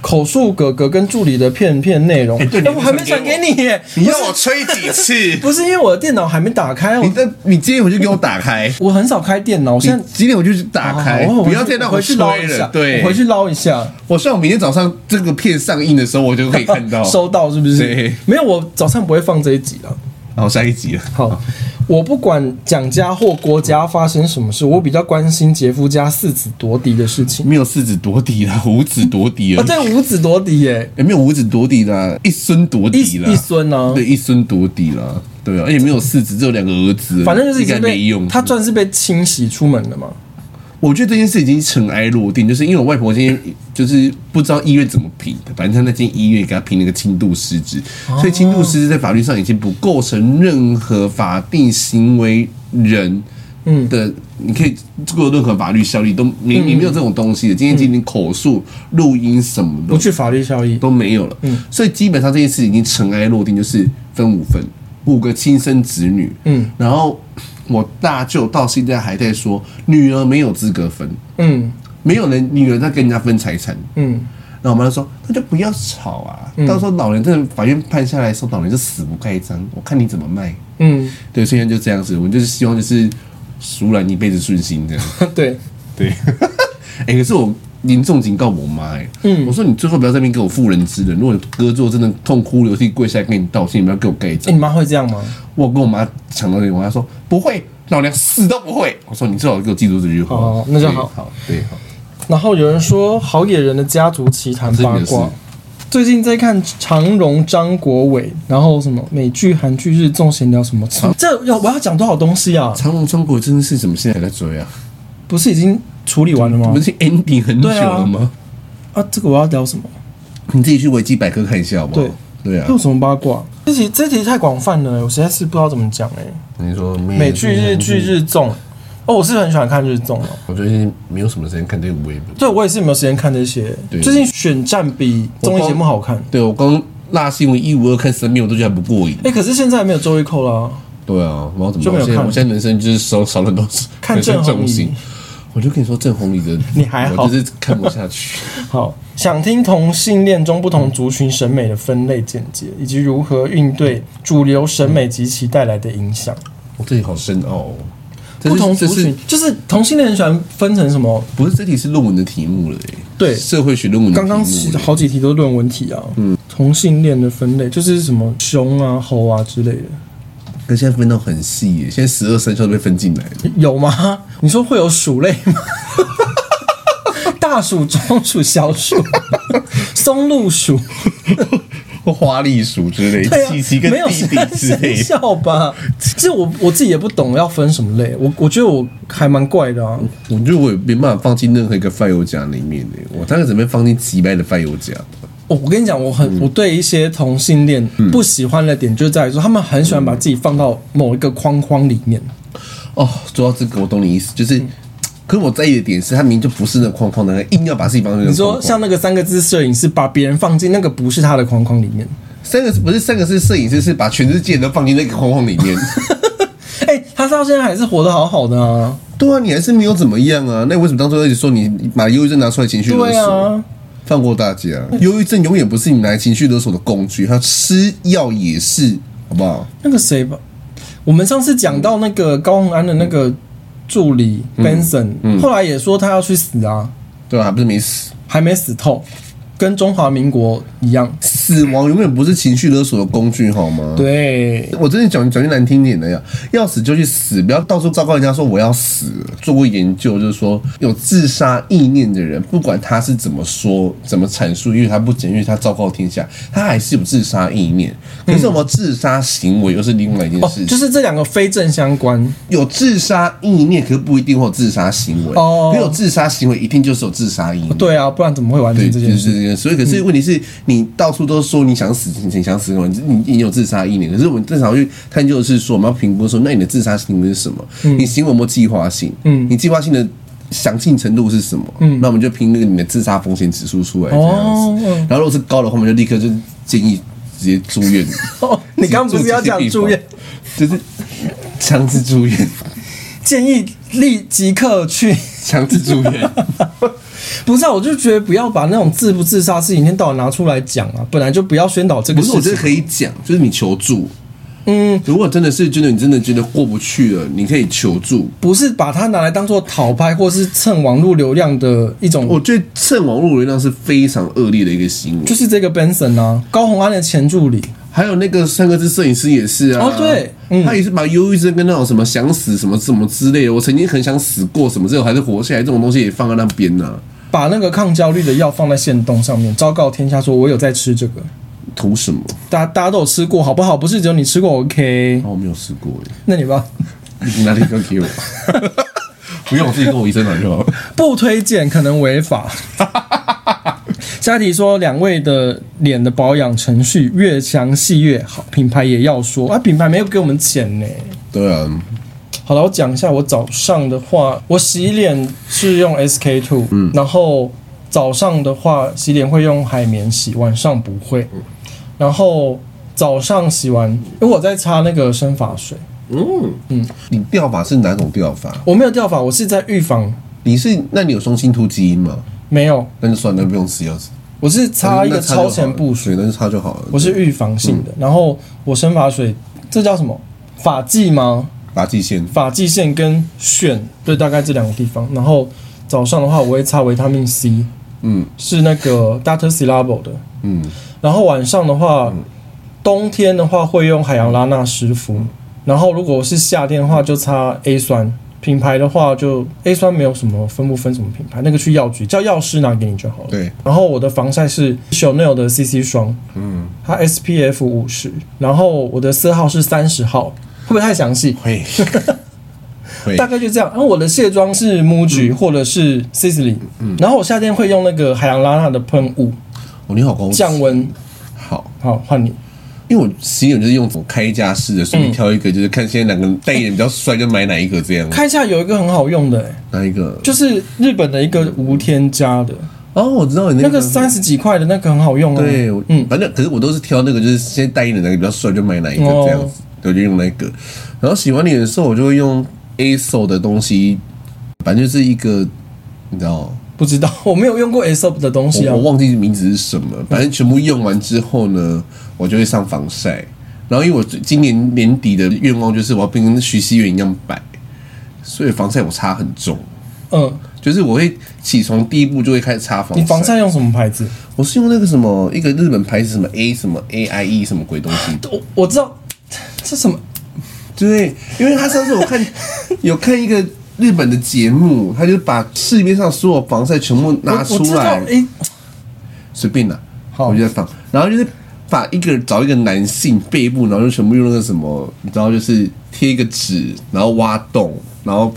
口述哥哥跟助理的片片內容，那、欸、我還沒傳給你，你要我催幾次不？不是因為我的電腦還沒打開， 你在你今天回去給我打開。我很少開電腦，我現在幾點回去打開。啊、我不要電腦回去撈一下，對，回去撈一下。我希望我明天早上這個片上映的時候，我就可以看到。 收到是不是？沒有，我早上不會放這一集啊。好，下一集了。好，好，我不管蔣家或國家發生什麼事，我比較關心傑夫家四子奪嫡的事情。沒有四子奪嫡了，五子奪嫡了。對、哦，五子奪嫡耶，也、欸、沒有五子奪嫡啦，一孫奪嫡了，一孫呢、啊？對，一孫奪嫡了，對啊，而、欸、且沒有四子，只有兩個兒子。反正就是個備用，他算是被清洗出門了嘛。我覺得這件事已經塵埃落定，就是因為我外婆今天就是不知道醫院怎麼評的，反正她那間醫院給他評了一個輕度失智，所以輕度失智在法律上已經不構成任何法定行為人的，的、嗯，你可以做任何法律效力，都明明沒有這種東西的，今天今天口述錄音什麼的，不去法律效力都沒有了，嗯，所以基本上這件事已經塵埃落定，就是分五份，五個親生子女，嗯，然後。我大舅到現在還在說，女兒沒有資格分，嗯，沒有人，女兒在跟人家分財產，嗯。然後我媽說，那就不要吵啊，嗯、到時候老人這個法院判下來說，老人就死不蓋章。我看你怎麼賣？嗯。對，現在就這樣子，我就是希望就是，熟人一輩子順心這樣，對、嗯、 對。哎對、 欸，可是我。嚴重警告我媽、欸，嗯，我說你最後不要在那邊給我婦人之仁。如果你哥做真的痛哭流涕跪下來跟你道歉、嗯，你不要給我蓋章、嗯。你媽會這樣嗎？我跟我媽搶到那種，她說不會，老娘死都不會。我說你最好給我記住這句話。哦，那就好。好，對好。然後有人說《好野人》的家族奇談八卦，最近在看長榮、張國偉，然後什麼美劇、韓劇、日綜閒聊什麼、啊、這要我要講多少東西啊？長榮張國偉真的是怎麼現在還在追啊？不是已經？處理完了嗎？不是 ending 很久了嗎啊？啊，這個我要聊什麼？你自己去維基百科看一下，好不好？對，對啊。有什麼八卦？這題這題太廣泛了，我實在是不知道怎麼講哎。你說美劇、日劇、日綜，哦，我是很喜歡看日綜哦。我最近沒有什麼時間看這種微博。對，我也是沒有時間看這些。最近選戰比綜藝節目好看的。對我剛辣新聞一五二看十面，我都覺得還不過癮。哎、欸，可是現在還沒有周一扣啦。對啊，然後怎麼就沒有看？我現在人生就是少少了東西，看正重心。我就跟你說，正紅你的，你還好，我就是看不下去。 好，想聽同性戀中不同族群審美的分類簡介，嗯、以及如何應對主流審美及其帶來的影響。我、哦、這裡好深奧哦，不同族群是就是同性戀，喜歡分成什麼？不是這題是論文的題目了，欸、對，社會學論文的題目。剛剛好幾題都是論文題啊。嗯，同性戀的分類就是什麼熊啊、猴啊之類的。可是現在分到很細，現在十二生肖都被分進來了。有嗎？你說會有鼠類嗎？ 大鼠、中鼠、小鼠、 松露鼠、花栗鼠之類，對啊，七七類沒有十二生肖吧？ 其實我我自己也不懂要分什麼類，我我覺得我還蠻怪的啊。我覺得我也沒辦法放進任何一個番友家裡面的，我大概只能放進幾百的番友家。我我跟你講，我很、嗯、我對一些同性戀不喜歡的點，嗯、就在於說他們很喜歡把自己放到某一個框框裡面。哦，主要是這個，我懂你意思。就是、嗯，可是我在意的點是，他明明就不是那個框框的人，硬要把自己放在那個框框。你說像那個三個字攝影師，把別人放進那個不是他的框框裡面。三個不是三個字攝影師是把全世界都放進那個框框裡面。哎、 欸，他到現在還是活得好好的啊。對啊，你還是沒有怎麼樣啊。那為什麼當初要一直說你把憂鬱症拿出來情緒勒索？對、啊放過大家，啊，憂鬱症永遠不是你來情緒勒索的工具，他吃藥也是，好不好？那個誰吧，我們上次講到那個高虹安的那個助理 Benson，、嗯嗯嗯、後來也說他要去死啊，對啊，還不是沒死，還沒死透。跟中華民國一樣，死亡永遠不是情緒勒索的工具，好嗎？對，我真的講講句難聽點的呀，要死就去死，不要到處昭告人家說我要死。做過研究就是說，有自殺意念的人，不管他是怎麼說、怎麼闡述，因為他不僅因為他昭告天下，他還是有自殺意念。可是，我們自殺行為又是另外一件事情、嗯哦，就是這兩個非正相關。有自殺意念，可是不一定會有自殺行為。哦，沒有自殺行為，一定就是有自殺意念、哦。對啊，不然怎麼會完成這件事情？就是所以，可是問題是，你到處都說你想死，你想死，想死，你你有自殺意念。可是我們正常去探究的是說，我們要評估說，那你的自殺行為是什麼？嗯，你行為有沒有計劃性？嗯，你計劃性的詳盡程度是什麼？嗯，那我們就評那個你的自殺風險指數出來這樣子。哦，然後如果是高的話，我們就立刻就建議直接住院。哦，你剛不是要講住院？就是強制住院， 建議立即刻去強制住院。 不是、啊，我就覺得不要把那種自不自殺事情先倒拿出來講啊，本來就不要宣導這個事情。不是，我覺得可以講，就是你求助。嗯，如果真的是覺得你真的覺得過不去了，你可以求助。不是把它拿來當做討拍，或是蹭網絡流量的一種。我覺得蹭網絡流量是非常惡劣的一個行為。就是這個 Benson 啊，高虹安的前助理，還有那個三個字攝影師也是啊。哦，對，嗯、他也是把憂鬱症跟那種什麼想死什麼什麼之類的，我曾經很想死過什麼之，之後還是活下來，這種東西也放在那邊啊。把那個抗焦慮的藥放在限動上面，昭告天下說我有在吃這個，圖什麼？大家大家都有吃過，好不好？不是只有你吃過，OK？、哦、我沒有吃過耶，那你吧，你哪裡可以給我？ 不用，我自己跟我醫生談就好了。不推薦，可能違法。下 題說兩位的臉的保養程序越詳細越好，品牌也要說啊，品牌沒有給我們錢呢。對啊。好了，我講一下我早上的話。我洗臉是用 SK2，嗯，然後早上的話洗臉會用海綿洗，晚上不會，嗯，然後早上洗完，因為我在擦那個生髮水，嗯嗯。你掉髮是哪種掉髮？我沒有掉髮，我是在預防。你是？那你有雄性禿基因嗎？沒有，那就算了，不用吃藥。我是擦一個超前部水，那就擦就好了。我是預防性的。嗯，然後我生髮水，這叫什麼？髮劑嗎？髮際線、髮際線跟旋，對，大概這兩個地方。然後早上的話，我會擦維他命 C，嗯，是那個 Dr.Ci:Labo 的，嗯。然後晚上的話，嗯、冬天的話會用海洋拉娜濕敷，然後如果是夏天的話就擦 A 酸。品牌的話就 A 酸沒有什麼分不分什麼品牌，那個去藥局叫藥師拿給你就好了。對。然後我的防曬是 Chanel 的 CC 霜，嗯，它 SPF 五十，然後我的色號是三十號。會不會太詳細？會，會， 大概就這樣。然後我的卸妝是 MUJI、嗯、或者是 Sisley、嗯、然後我夏天會用那個海洋拉娜的噴霧。哦，你好高，降溫。好，好換你，因為我習慣就是用這種開架式的，所、嗯、以挑一個，就是看現在兩個代言人比較帥、欸，就買哪一個這樣。開架有一個很好用的、欸，哪一個？就是日本的一個無添加的。哦，我知道、那個、那個三十幾塊的那個很好用哦、啊。對，嗯，反正可是我都是挑那個，就是先代言人哪個比較帥，就買哪一個這樣子。哦我就用那個，然後洗完臉的時候，我就會用 Aso 的東西，反正就是一個，你知道不知道，我沒有用過 Aso 的東西、啊、我，我忘記名字是什麼。反正全部用完之後呢，嗯、我就會上防曬。然後因為我今年年底的願望就是我要變成跟徐熙媛一樣白，所以防曬我擦很重。嗯，就是我會起床第一步就會開始擦防曬。你防曬用什麼牌子？我是用那個什麼一個日本牌子什麼 A 什麼 A I E 什麼鬼東西。我我知道。這什麼？對，因為他上次我看 有看一個日本的節目，他就把市面上所有防曬全部拿出來，隨便拿，好，我就在放。然後就是把一個找一個男性背部，然後就全部用那個什麼，然後就是貼一個紙，然後挖洞，然後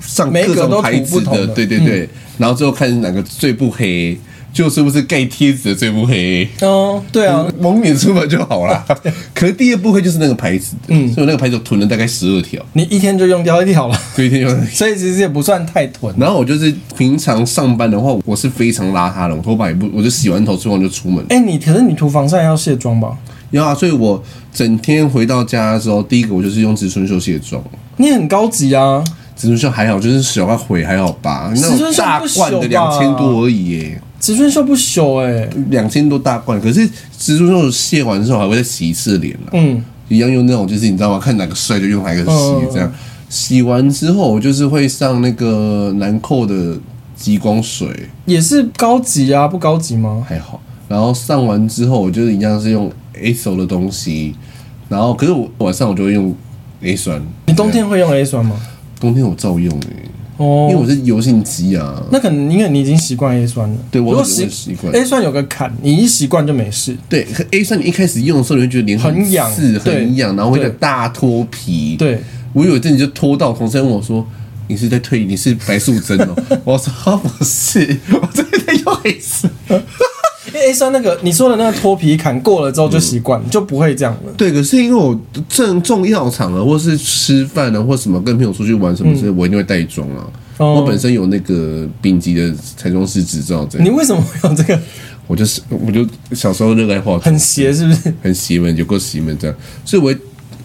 上各種牌子的，的對對對、嗯，然後最後看哪個最不黑。就是不是蓋貼子的這步黑、欸、哦，對啊，蒙、嗯、你出門就好了。 可是第二部黑就是那個牌子的，嗯，所以我那個牌子我囤了大概十二條，你一天就用掉一條了，一天用一， 所以其實也不算太囤。然後我就是平常上班的話，我是非常邋遢的，我頭髮也不，我就洗完頭之後就出門。哎、欸，你可是你塗防曬要卸妝吧？要啊，所以我整天回到家之後，第一個我就是用植村秀卸妝。你也很高級啊，植村秀還好，就是小罐毀還好吧？那大罐的兩千多而已。植村秀不修哎、欸，兩千多大罐，可是植村秀卸完之後還會再洗一次臉嗯，一樣用那種，就是你知道嗎？看哪個帥就用哪一個洗，這樣、呃、洗完之後我就是會上那個蘭蔻的極光水，也是高級啊，不高級嗎？還好。然後上完之後我就是一樣是用 A O 的東西，然後可是我晚上我就會用 A 酸。你冬天會用 A 酸嗎？冬天我照用、欸哦、oh，因為我是油性肌啊，那可能因為你已經習慣 A 酸了。對，我習慣 A 酸有個坎，你一習慣就沒事。對可 A 酸，你一開始用的時候你會覺得臉很癢，很癢，然後會有點大脫皮。對我有一陣就脫到同事跟我說，你是在退，你是白素貞哦、喔。 我說、啊、不是，我正在用 A 酸。啊因為 a 算那個你說的那個脫皮，砍過了之後就習慣、嗯，就不會這樣了。對，可是因為我正中藥廠啊，或是吃飯啊，或什麼跟朋友出去玩什麼，嗯，我一定會帶妝啊、哦。我本身有那個丙級的彩妝師執照，這樣。你為什麼有這個？我就是我就小時候熱愛化妝，很邪，是不是？很邪門，有夠邪門這樣。所以我，我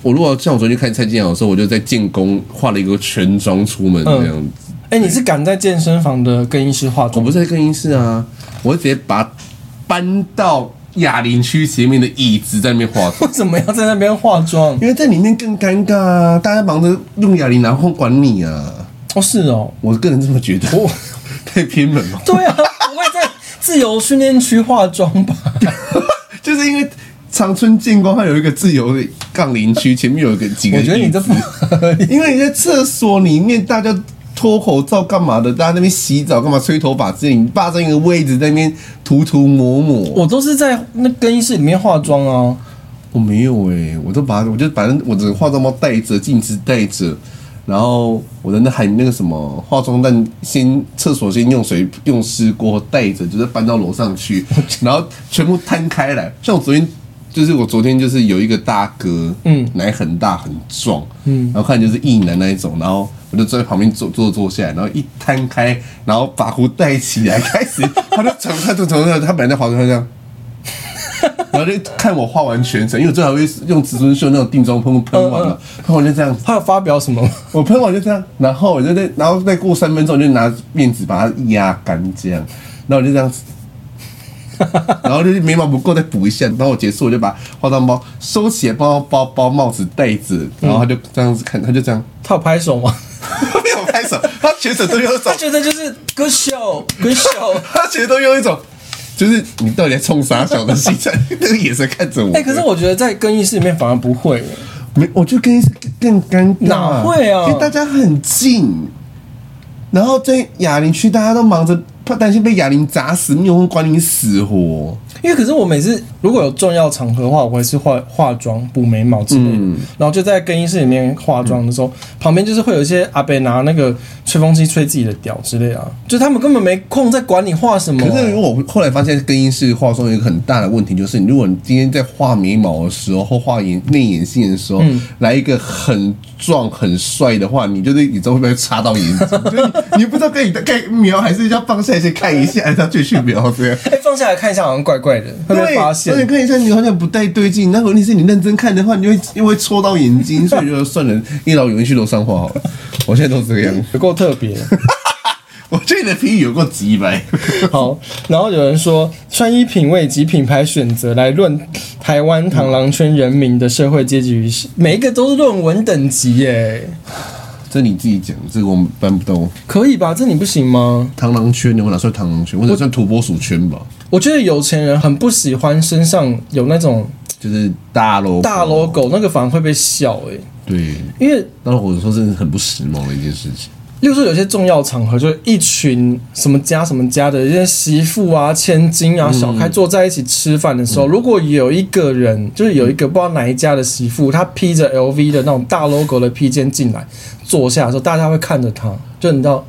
我如果像我昨天看蔡健雅的時候，我就在建工畫了一個全妝出門這樣子。哎、嗯，欸，你是敢在健身房的更衣室化妝？我不是在更衣室啊，我會直接把。搬到啞鈴區前面的椅子，在那邊化妝。為什麼要在那邊化妝？因為在裡面更尷尬啊，大家忙着用啞鈴，然後管你啊？哦，是哦、喔，我個人這麼覺得，太偏門了。對啊，不會在自由訓練區化妝吧？ 就是因為長春建宮它有一個自由的槓鈴區，前面有一個我幾個椅子，因為你在廁所裡面，大家。脫口罩幹嘛的？大家在那邊洗澡幹嘛？吹頭髮自己霸占在一個位置，在那邊塗塗抹抹。我都是在那更衣室裡面化妝啊。我沒有哎、欸，我都把我就反正我的化妝包帶着，鏡子帶着，然後我的那還那個什麼化妝蛋先，先廁所先用水用濕鍋帶着，就是搬到樓上去，然後全部攤開來。像我昨天就是我昨天就是有一個大哥，嗯，奶很大很壯，嗯，然後看就是硬男那一種，然後。我就坐在旁邊，坐坐坐下來，然後一攤開，然後把髮箍戴起來，開始他就從他就從那他本來在化妝，他這樣，然後就看我畫完全程，因為我最好會用植村秀那種定妝噴霧，噴完了，噴、啊、完、啊啊、就這樣，他有發表什麼？我噴完就這樣，然後我就在，然後再過三分鐘就拿面紙把它壓乾這樣，然後我就這樣子，然後就眉毛不夠再補一下，然後我結束我就把化妝包收起來，包包包帽子袋子，然後他就這樣子看，他就這樣。他有拍手嗎？ 沒有拍手，他全程都用一種，他覺得就是搞笑，搞笑，他其實都用一種，就是你到底在衝啥小的神情， 那個眼神看着我。哎、欸，可是我覺得在更衣室裡面反而不會，沒，我覺得更衣室更尷尬，哪會啊？因為大家很近，然後在啞鈴區大家都忙着，怕擔心被啞鈴砸死，沒有人管你死活。因為可是我每次。如果有重要場合的話，我會是化化妝、補眉毛之類的、嗯，然後就在更衣室裡面化妝的時候，嗯、旁邊就是會有一些阿伯拿那個吹風機吹自己的屌之類啊，就他們根本沒空在管你畫什麼、欸。可是如果我後來發現更衣室化妝有一個很大的問題就是，你如果你今天在畫眉毛的時候或畫眼內眼線的時候，嗯、來一個很壯很帥的話，你就是你都知道會不會插到眼睛，所 以你，你不知道該該描還是要放下一些看一下再繼續描對哎、欸，放下來看一下好像怪怪的，會不會發現。我想看一下，你好像不太對勁。那問、個、題是，你認真看的話，你會又會戳到眼睛，所以就算了。一勞永逸，去樓上畫好了。我現在都這個樣，有夠特別。 我這裡的評語有夠直白。好，然後有人說，穿衣品味及品牌選擇來論台灣螳螂圈人民的社會階級、嗯，每一個都是論文等級耶、欸。這你自己講，這個、我們搬不動。可以吧？這你不行嗎？螳螂圈，你會哪算螳螂圈，或者算土撥鼠圈吧？我覺得有錢人很不喜歡身上有那種就是大 logo 大 logo 那個反而會被笑哎，對，因為當時我就說這是很不時髦的一件事情。又說有些重要場合，就是一群什麼家什麼家的，一些媳婦啊、千金啊、小開坐在一起吃飯的時候，如果有一個人就是有一個不知道哪一家的媳婦，她披着 LV 的那種大 logo 的披肩進來坐下的時候，大家會看着他，就你知道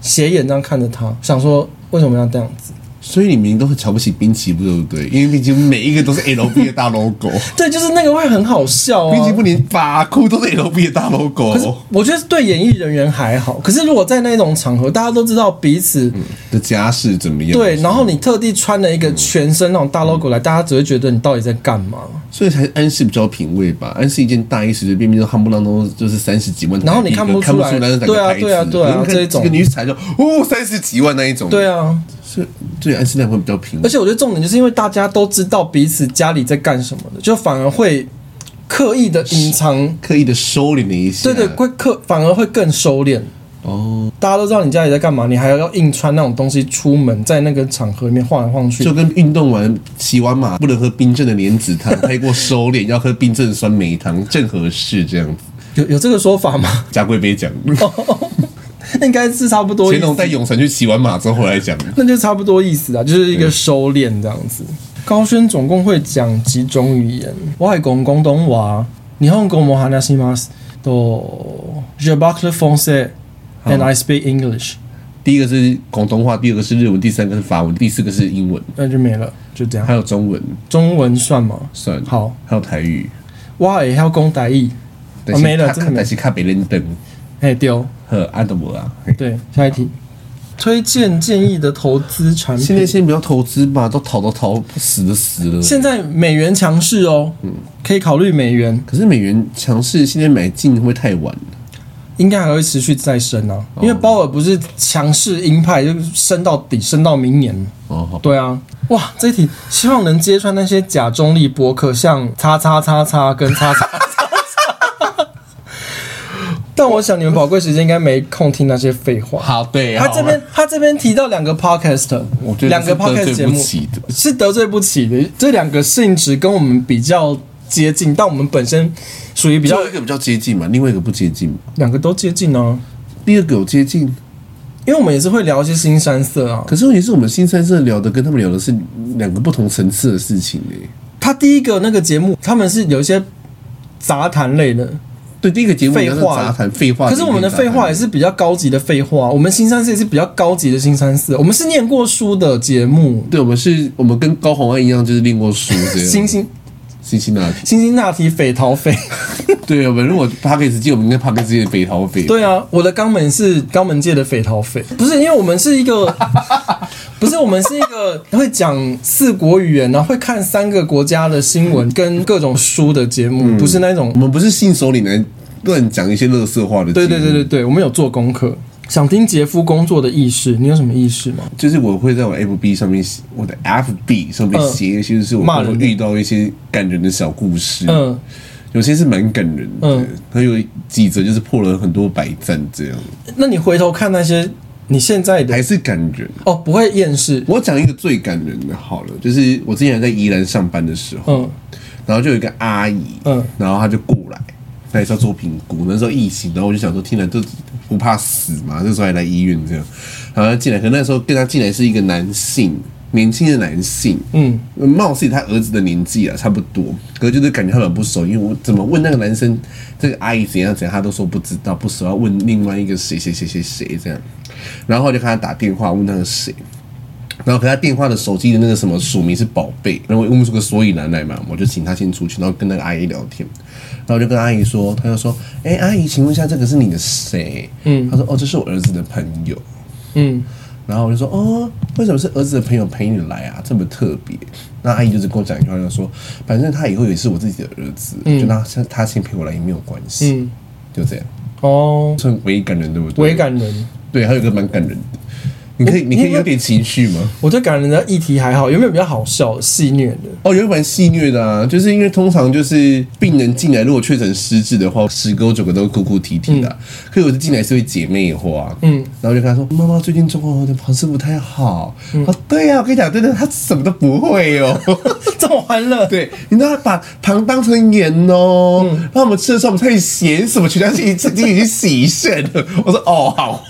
斜眼這樣看着他，想說為什麼要這樣子。所以你們都會瞧不起濱崎步，對不對？因為畢竟每一個都是 LV 的大 logo。 對，就是那個會很好笑哦、啊。濱崎步連髮箍都是 LV 的大 logo。 我覺得對演藝人員還好，可是如果在那種場合，大家都知道彼此、嗯、的家世怎麼樣，對，然後你特地穿了一個全身那種大 logo 來，嗯、大家只會覺得你到底在幹嘛？所以才安室比較品味吧。安室一件大衣隨隨便便夯不啷噹就是三十幾萬，然後你看不，看不出來，對啊，對啊，對啊，對啊你這一種個女踩就哦三十幾萬那一種，對啊。這這安息蛋會比較平，而且我覺得重點就是因為大家都知道彼此家裡在幹什麼的，就反而會刻意的隱藏，刻意的收斂一些。對，對對，會刻反而會更收斂。哦，大家都知道你家裡在幹嘛，你還要要硬穿那種東西出門，在那個場合裡面晃來晃去，就跟運動完騎完馬不能喝冰鎮的蓮子湯太過收斂， 要喝冰鎮酸梅湯正合適這樣子。有有這個說法嗎？家規別講。 應該是差不多。乾隆帶永成去騎完馬之後回來講， 那就差不多意思啊，就是一個收斂這樣子。高軒總共會講幾種語言？我係講廣東話，你好講馬來西亞語嗎？都日語、法語、and I speak English。第一個是廣東話，第二個是日文，第三個是法文，第四個是英文。那就沒了，就這樣。還有中文，中文算嗎？算。好，還有台語。哇，也要講台語、哦？沒了，真的是。這個，但卡別人登，哎丟。呃，安德伯啊，對，下一題，推薦建議的投資產品。現在先不要投資吧，都淘都不死的死了。現在美元強勢哦，嗯，可以考慮美元。可是美元強勢，現在買進會，會太晚了，應該還會持續再升啊、哦，因為鮑爾不是強勢鷹派，就是、升到底，升到明年、哦。對啊，哇，這一題希望能揭穿那些假中立博客，像叉叉叉叉跟叉叉。 但我想你們寶貴時間應該沒空聽那些廢話。好，對，他這邊他這邊提到兩個 podcast，我覺得兩個 podcast 得得不節目是得罪不起的。這兩個性質跟我們比較接近，但我們本身屬於比較就一個比較接近嘛，另外一個不接近，兩個都接近哦，啊。第二個有接近，因為我們也是會聊一些腥羶色啊。可是問題是，我們腥羶色聊的跟他們聊的是兩個不同層次的事情欸。他第一個那個節目，他們是有一些雜談類的。對，第一個節目廢話，話雜談廢話。可是我們的廢話也是比較高級的廢話。我們新三四也是比較高級的新三四。我們是念過書的節目。對，我們是，我們跟高虹安一樣，就是念過書這樣。星星，星星那提，星星那提斐陶斐。對，我反正我 Podcast 界，我們應該 Podcast 界的斐陶斐。對啊，我的肛門是肛門界的斐陶斐。不是，因為我們是一個。 不是，我們是一個會講四國語言，然後會看三個國家的新聞跟各種書的節目，嗯，不是那種。我們不是信手拈來亂講一些樂色話的節目。對對對對對，我們有做功課，想聽傑夫工作的軼事。你有什麼軼事嗎？就是我會在我 F B 上面，我的 F B 上面寫些，嗯，就是我會遇到一些感人的小故事。嗯，有些是蠻感人的，嗯，他有幾則就是破了很多百讚這樣。那你回頭看那些？你現在的還是感人哦，不會厭世。我講一個最感人的好了，就是我之前在宜蘭上班的時候，嗯，然後就有一個阿姨，嗯，然後她就過來，她也是要做評估，那時候疫情，然後我就想說，聽了就不怕死嘛，那時候還來醫院這樣，然後她進來，可能那時候跟她進來是一個男性，年輕的男性，嗯，貌似她兒子的年紀啊，差不多，可是就是感覺他們不熟，因為我怎麼問那個男生，這個阿姨怎樣怎樣，她都說不知道，不熟，要問另外一個誰誰誰誰誰這樣。然後就看他打電話問那個誰，然後給他電話的手機的那個什麼署名是寶貝，然後我問不出個所以然來嘛，我就請他先出去，然後跟那個阿姨聊天，然後我就跟阿姨說，他就說：“哎、欸，阿姨，請問一下，這個是你的誰？”嗯，他說：“哦，這是我兒子的朋友。”嗯，然後我就說：“哦，為什麼是兒子的朋友陪你來啊？這麼特別？”那阿姨就是跟我講一句話，就說：“反正他以後也是我自己的兒子，嗯、就那他他先陪我來也沒有關係。嗯”就這樣。哦，算微感人對不對？微感人。對，還有一個蠻感人你可以，你可以有點情緒嗎？我就感覺人家議題還好，有沒有比較好笑戲謔的？哦，有一本戲謔的啊，就是因為通常就是病人進來，如果確診失智的話，嗯、十個人九個都哭哭啼啼的、啊嗯。可是我就進來是位姐妹花、啊，嗯，然後就跟他說：“媽媽最近狀況好像糖吃不太好。嗯”“哦，對啊我跟你講，對對，他什麼都不會哦， 這麼歡樂對，你知道他把糖當成鹽哦，然、嗯、後我們吃的時候我們太鹹，什麼？全家自己曾經已經洗腎了。 ”我說：“哦，好。”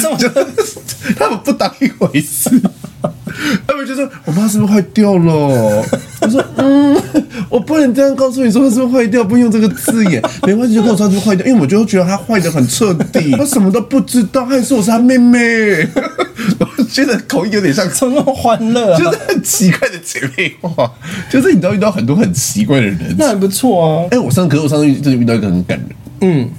所以我覺得他們不當一回事，他們就說：“我媽是不是壞掉了？”我說：“嗯，我不能這樣告訴你說她是不是壞掉，不用這個字眼，沒關係。”就我說：“她是不是壞掉？”因為我就覺得她壞得很徹底，她什麼都不知道，還是我是她妹妹。 我覺得口音有點像，這麼歡樂，就是很奇怪的姐妹哇，就是你知道遇到很多很奇怪的人，那還不錯啊。誒、欸，我上課，可是我上次真的遇到一個很感人，嗯，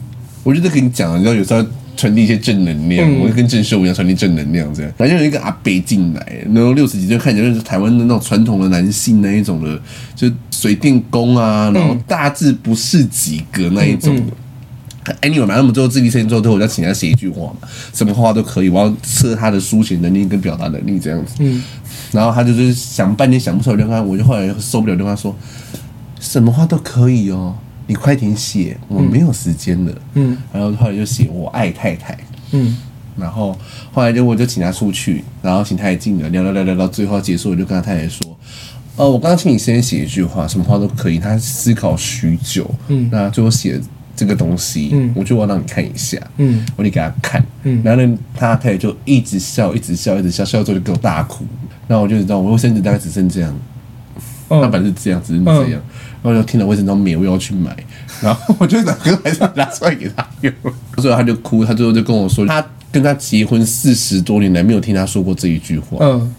我就在跟你講，你知道有時候。傳遞一些正能量，我會跟鄭秀文一樣傳遞正能量這樣、嗯。然後有一個阿伯進來，然後六十幾歲，看起來就是台灣的那種傳統的男性那一種的，就水電工啊，嗯、然後大字不識幾個那一種。嗯嗯 anyway 嘛，那麼做智力測驗之後，最後，我就請他寫一句話嘛，什麼話都可以，我要測他的書寫能力跟表達能力這樣子、嗯。然後他就是想半天想不出來，電話我就後來受不了電話說，什麼話都可以哦。你快點寫，我沒有時間了。嗯，然後後來就寫我愛太太。嗯，然後後來就我就請他出去，然後請太太進來聊聊聊聊，到最後結束，我就跟他太太說：“呃、哦，我剛剛請你先寫一句話，什麼話都可以。”他思考許久，嗯，那最後寫這個東西，嗯，我就我要讓你看一下，嗯，我得給他看，嗯，然後呢，他太太就一直笑，一直笑，一直笑，笑笑後就給我大哭，然後我就知道，我身子大概只剩這樣，那、哦、本來是這樣，只剩這樣。哦嗯然後我就聽到衛生紙沒有要去買，然後我就拿回來，拿出來給他用。所以他就哭，他最後就跟我說，他跟他結婚四十多年來，沒有聽他說過這一句話。嗯，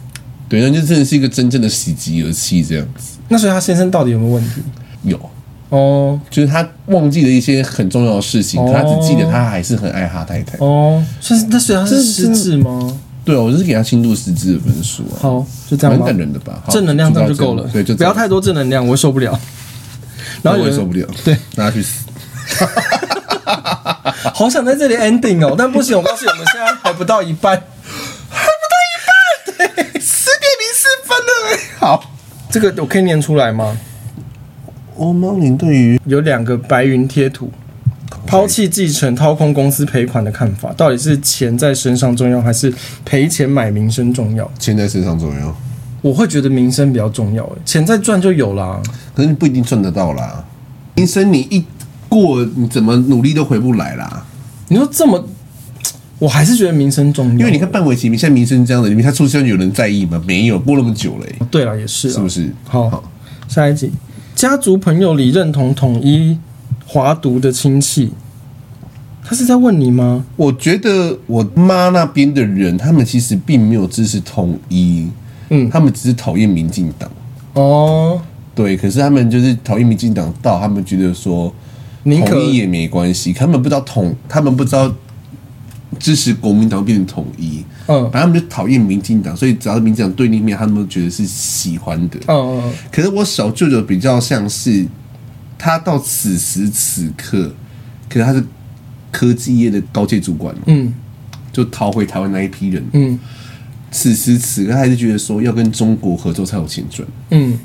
對，那就真的是一個真正的喜極而泣這樣子。那所以，他先生到底有沒有問題？有，哦、oh.，就是他忘記了一些很重要的事情，oh. 可他只記得他還是很愛他太太。哦、oh.，所以，但是他是失智嗎？對，我就是給他輕度失智的分數啊。好，就這樣嗎？蠻感人的吧？正能量就這樣就夠了，對，就不要太多正能量，我受不了。 然後我也受不了，對，拿下去死。 好想在這裡 ending 哦，但不行，我告訴你，我們現在還不到一半，還不到一半，對，十點零四分了。好，這個我可以念出來嗎？我貓林對於有兩個白雲貼圖，okay. 拋棄繼承、掏空公司賠款的看法，到底是錢在身上重要，還是賠錢買名聲重要？錢在身上重要。我會覺得名聲比較重要、欸，哎，錢再賺就有啦，可是你不一定賺得到啦。名聲你一過，你怎麼努力都回不來啦。你說這麼，我還是覺得名聲重要、欸，因為你看范瑋琪，你現在名聲這樣的，你他出現有人在意嗎？沒有，播那麼久了、欸。對了，也是，是不是？好，好下一集家族朋友裡認同統一華獨的親戚，他是在問你嗎？我覺得我媽那邊的人，他們其實並沒有支持統一。嗯，他們只是討厭民進黨哦，對，可是他們就是討厭民進黨到他們覺得說你可統一也沒關係，他們不知道統，他們不知道支持國民黨變成統一，嗯、哦，反正他們就討厭民進黨，所以只要是民進黨對立面，他們都覺得是喜歡的、哦，可是我小舅舅比較像是他到此時此刻，可是他是科技業的高階主管，嗯，就逃回台灣那一批人，嗯。此時此刻還是覺得說要跟中國合作才有前途。嗯，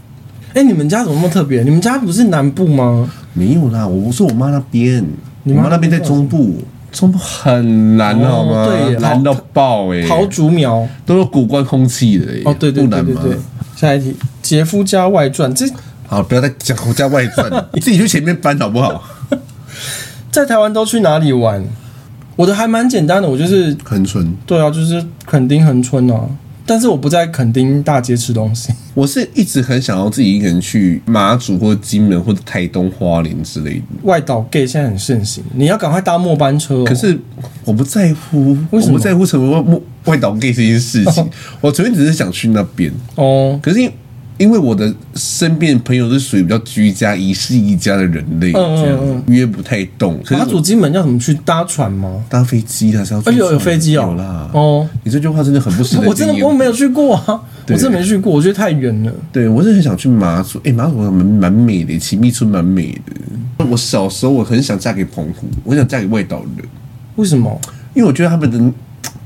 哎、欸，你們家怎麼那麼特別？你們家不是南部嗎？沒有啦，我不是我媽那邊，我媽那邊在中部，中部很難好嗎？哦、對，難到爆哎、欸，桃竹苗都有古怪空氣的、欸。哦，對對對對對、對。下一題，杰夫家外傳，這好不要再講我家外傳，你 自己去前面搬好不好？ 在台灣都去哪裡玩？我的還蠻簡單的，我就是恆春。對啊，就是墾丁恆春哦、啊。但是我不在墾丁大街吃東西，我是一直很想要自己一個人去馬祖或金門或者台東花蓮之類的。外島 gay 現在很盛行，你要趕快搭末班車、哦、可是我不在乎，為什麼我不在乎什麼外外島 gay 這件事情？ 我昨天只是想去那邊哦，oh. 可是因。因為我的身邊的朋友都屬於比較居家、一室一家的人類，這樣嗯嗯嗯約不太動。馬祖金門要怎麼去？搭船嗎？搭飛機還是要？哎呦，有飛機哦。有啦。哦，你這句話真的很不實在。我真的我沒有去過啊，我真的沒去過，我覺得太遠了。對，我真的很想去馬祖。哎，馬祖蠻蠻美的，芹壁村蠻美的。我小時候我很想嫁給澎湖，我想嫁給外島人。為什麼？因為我覺得他們很。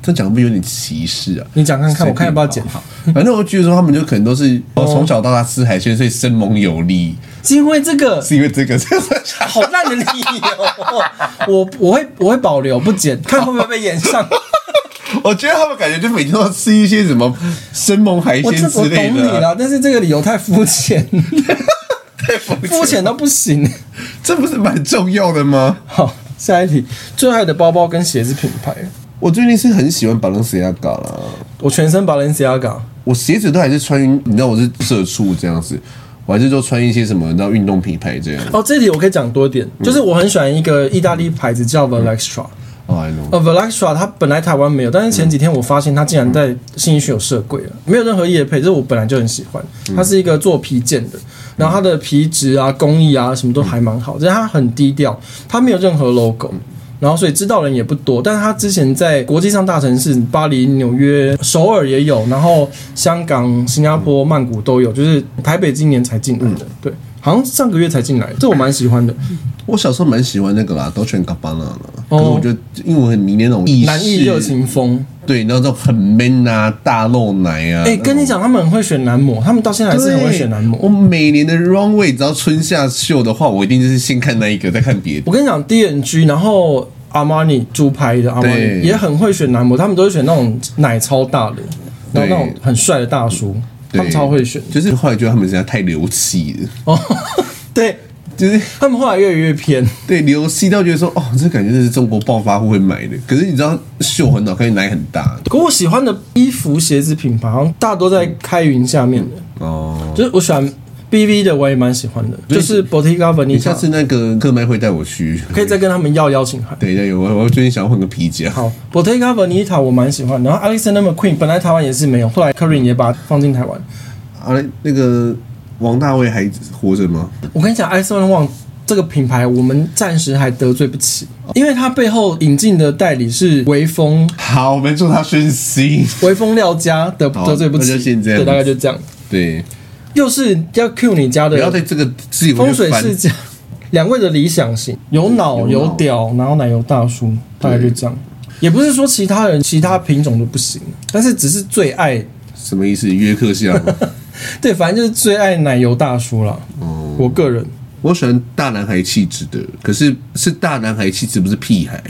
這講的不有點歧視啊？你講看看，我看要不要剪。好，反正我覺得說他們就可能都是從小到大吃海鮮，所以生猛有力。是因為這個？是因為這個？好爛的理由！ 我我會我會保留不剪，看會不會被炎上。我覺得他們感覺就每天都吃一些什麼生猛海鮮之類的。我，我懂你啦，但是這個理由太膚淺，太膚淺到不行。這不是蠻重要的嗎？好，下一題，最愛的包包跟鞋子品牌。我最近是很喜歡 Balenciaga 啦，我全身 Balenciaga。我鞋子，都還是穿，你知道我是社畜這樣子，我還是都穿一些什麼你知道運動品牌這樣子。哦，這裡我可以講多一點，嗯，就是我很喜歡一個意大利牌子叫 Valextra，嗯。哦，uh,，I know Valextra。它本來台灣沒有，但是前幾天我發現它竟然在信義區有設櫃了，沒有任何業配，這是我本來就很喜歡，它是一個做皮件的，然後它的皮質啊、工藝啊，什麼都還蠻好，只是它很低調，它沒有任何 logo。嗯然後，所以知道人也不多，但是他之前在國際上大城市巴黎、紐約、首爾也有，然後香港、新加坡、曼谷都有，就是台北今年才進入的、嗯，對，好像上個月才進來。這我蠻喜歡的，我小時候蠻喜歡那個啦，Dolce and Gabbana 我覺得因為我很迷戀那種南義熱情風。對，然後就很 man 啊，大露奶啊。誒、欸，跟你講，他們很會選男模，他們到現在還是很會選男模。我每年的 Runway 只要春夏秀的話，我一定就是先看那一個，再看別的。我跟你講，DNG，然後阿瑪尼，a n 豬排的阿瑪尼，也很會選男模，他們都是選那種奶超大的，然後那種很帥的大叔，他們超會選。就是後來覺得他們實在太牛氣了。哦、oh, 對。就是他們後來越來越偏，對，牛西他覺得說，哦，這感覺是中國暴發戶會買的。可是你知道秀很可以，奶很大。可我喜歡的衣服、鞋子品牌，好像大多在開雲下面的。哦、嗯嗯嗯嗯，就是我喜歡 BV 的，我也蠻喜歡的。就是 Bottega Veneta 下次那個客麥會帶我去，可以再跟他們要邀請函。等一下，有我我最近想要換個皮夾。好，Bottega Veneta 我蠻喜歡的。然後 Alexander McQueen 本來台灣也是沒有，後來 Kering 也把它放進台灣。啊，那個。王大衛還活着嗎？我跟你講，艾斯旺這個品牌，我們暫時還得罪不起，因為他背後引進的代理是微風。好，沒做他訊息。微風廖家得得罪不起，這對，大概就這樣。對，又是要 cue 你家的。不要在這個風水。是這樣，兩位的理想型，有腦有有屌，然後奶油大叔，大概就這樣。也不是說其他人其他品種都不行，但是只是最愛什麼意思？約克夏。 對，反正就是最愛奶油大叔了，嗯。我個人我喜歡大男孩氣質的，可是是大男孩氣質不是屁孩，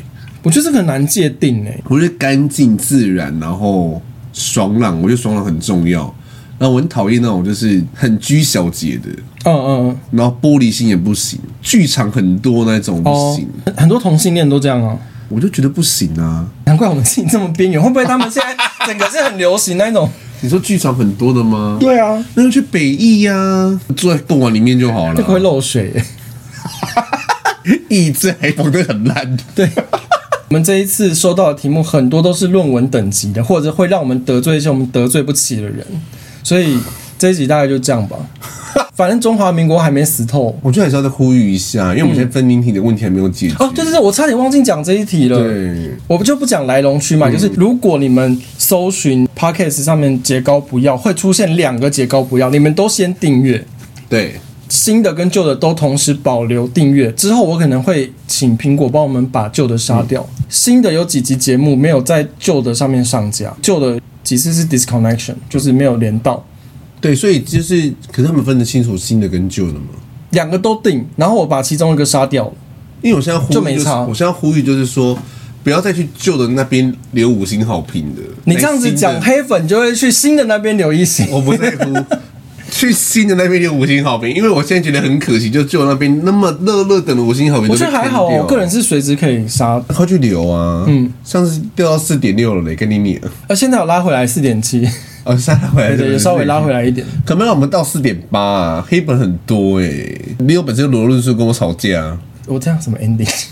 我覺得這個很難界定哎，欸。我覺得乾淨自然，然後爽朗，我覺得爽朗很重要。然後我很討厭那種就是很拘小節的，嗯嗯，然後玻璃心也不行，劇場很多那種不行，哦。很多同性戀都這樣啊，我就覺得不行啊。難怪我們自己這麼邊緣，會不會他們現在整個是很流行那種？ 你說劇場很多的嗎？對啊，那就去北藝呀、啊，坐在洞房裡面就好了。就會漏水、欸， 椅子還放的很爛。對， 我們這一次收到的題目很多都是論文等級的，或者會讓我們得罪一些我們得罪不起的人，所以這一集大概就這樣吧。 反正中華民國還沒死透，我覺得還是要再呼籲一下，因為我們現在分命題的問題還沒有解決、嗯。哦，對對對，我差點忘記講這一題了。對，我們就不講來龍去脈，就是如果你們搜尋 podcast 上面“結高不要”，會出現兩個“結高不要”，你們都先訂閱。對，新的跟舊的都同時保留訂閱，之後我可能會請蘋果幫我們把舊的殺掉、嗯，新的有幾集節目沒有在舊的上面上架，舊的幾次是 disconnection，就是沒有連到。對，所以就是，可是他們分得清楚新的跟舊的嘛。兩個都定，然後我把其中一個殺掉了。因為我現在呼籲、就是，就沒差、我現在呼籲就是說，不要再去舊的那邊留五星好評的。你這樣子講，講黑粉就會去新的那邊留一星。我不在乎 去新的那邊留五星好評，因為我現在覺得很可惜，就舊那邊那麼熱熱等的五星好評。我覺得還好，啊、我個人是隨時可以殺，快去留啊！嗯，上次掉到四點六了嘞，跟你比了、啊。現在我拉回來四點七。呃、哦，拉回來是不是對，對對，也稍微拉回來一點。可沒有，我們到四點八啊，黑粉很多哎。你有本事就羅論述跟我吵架。我這樣什麼 ending？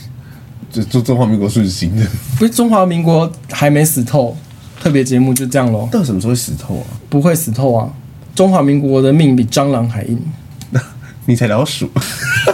就，就中中華民國順心的。不是中華民國還沒死透，特別節目就這樣咯。到底什麼時候會死透啊？不會死透啊！中華民國的命比蟑螂還硬。你才老鼠。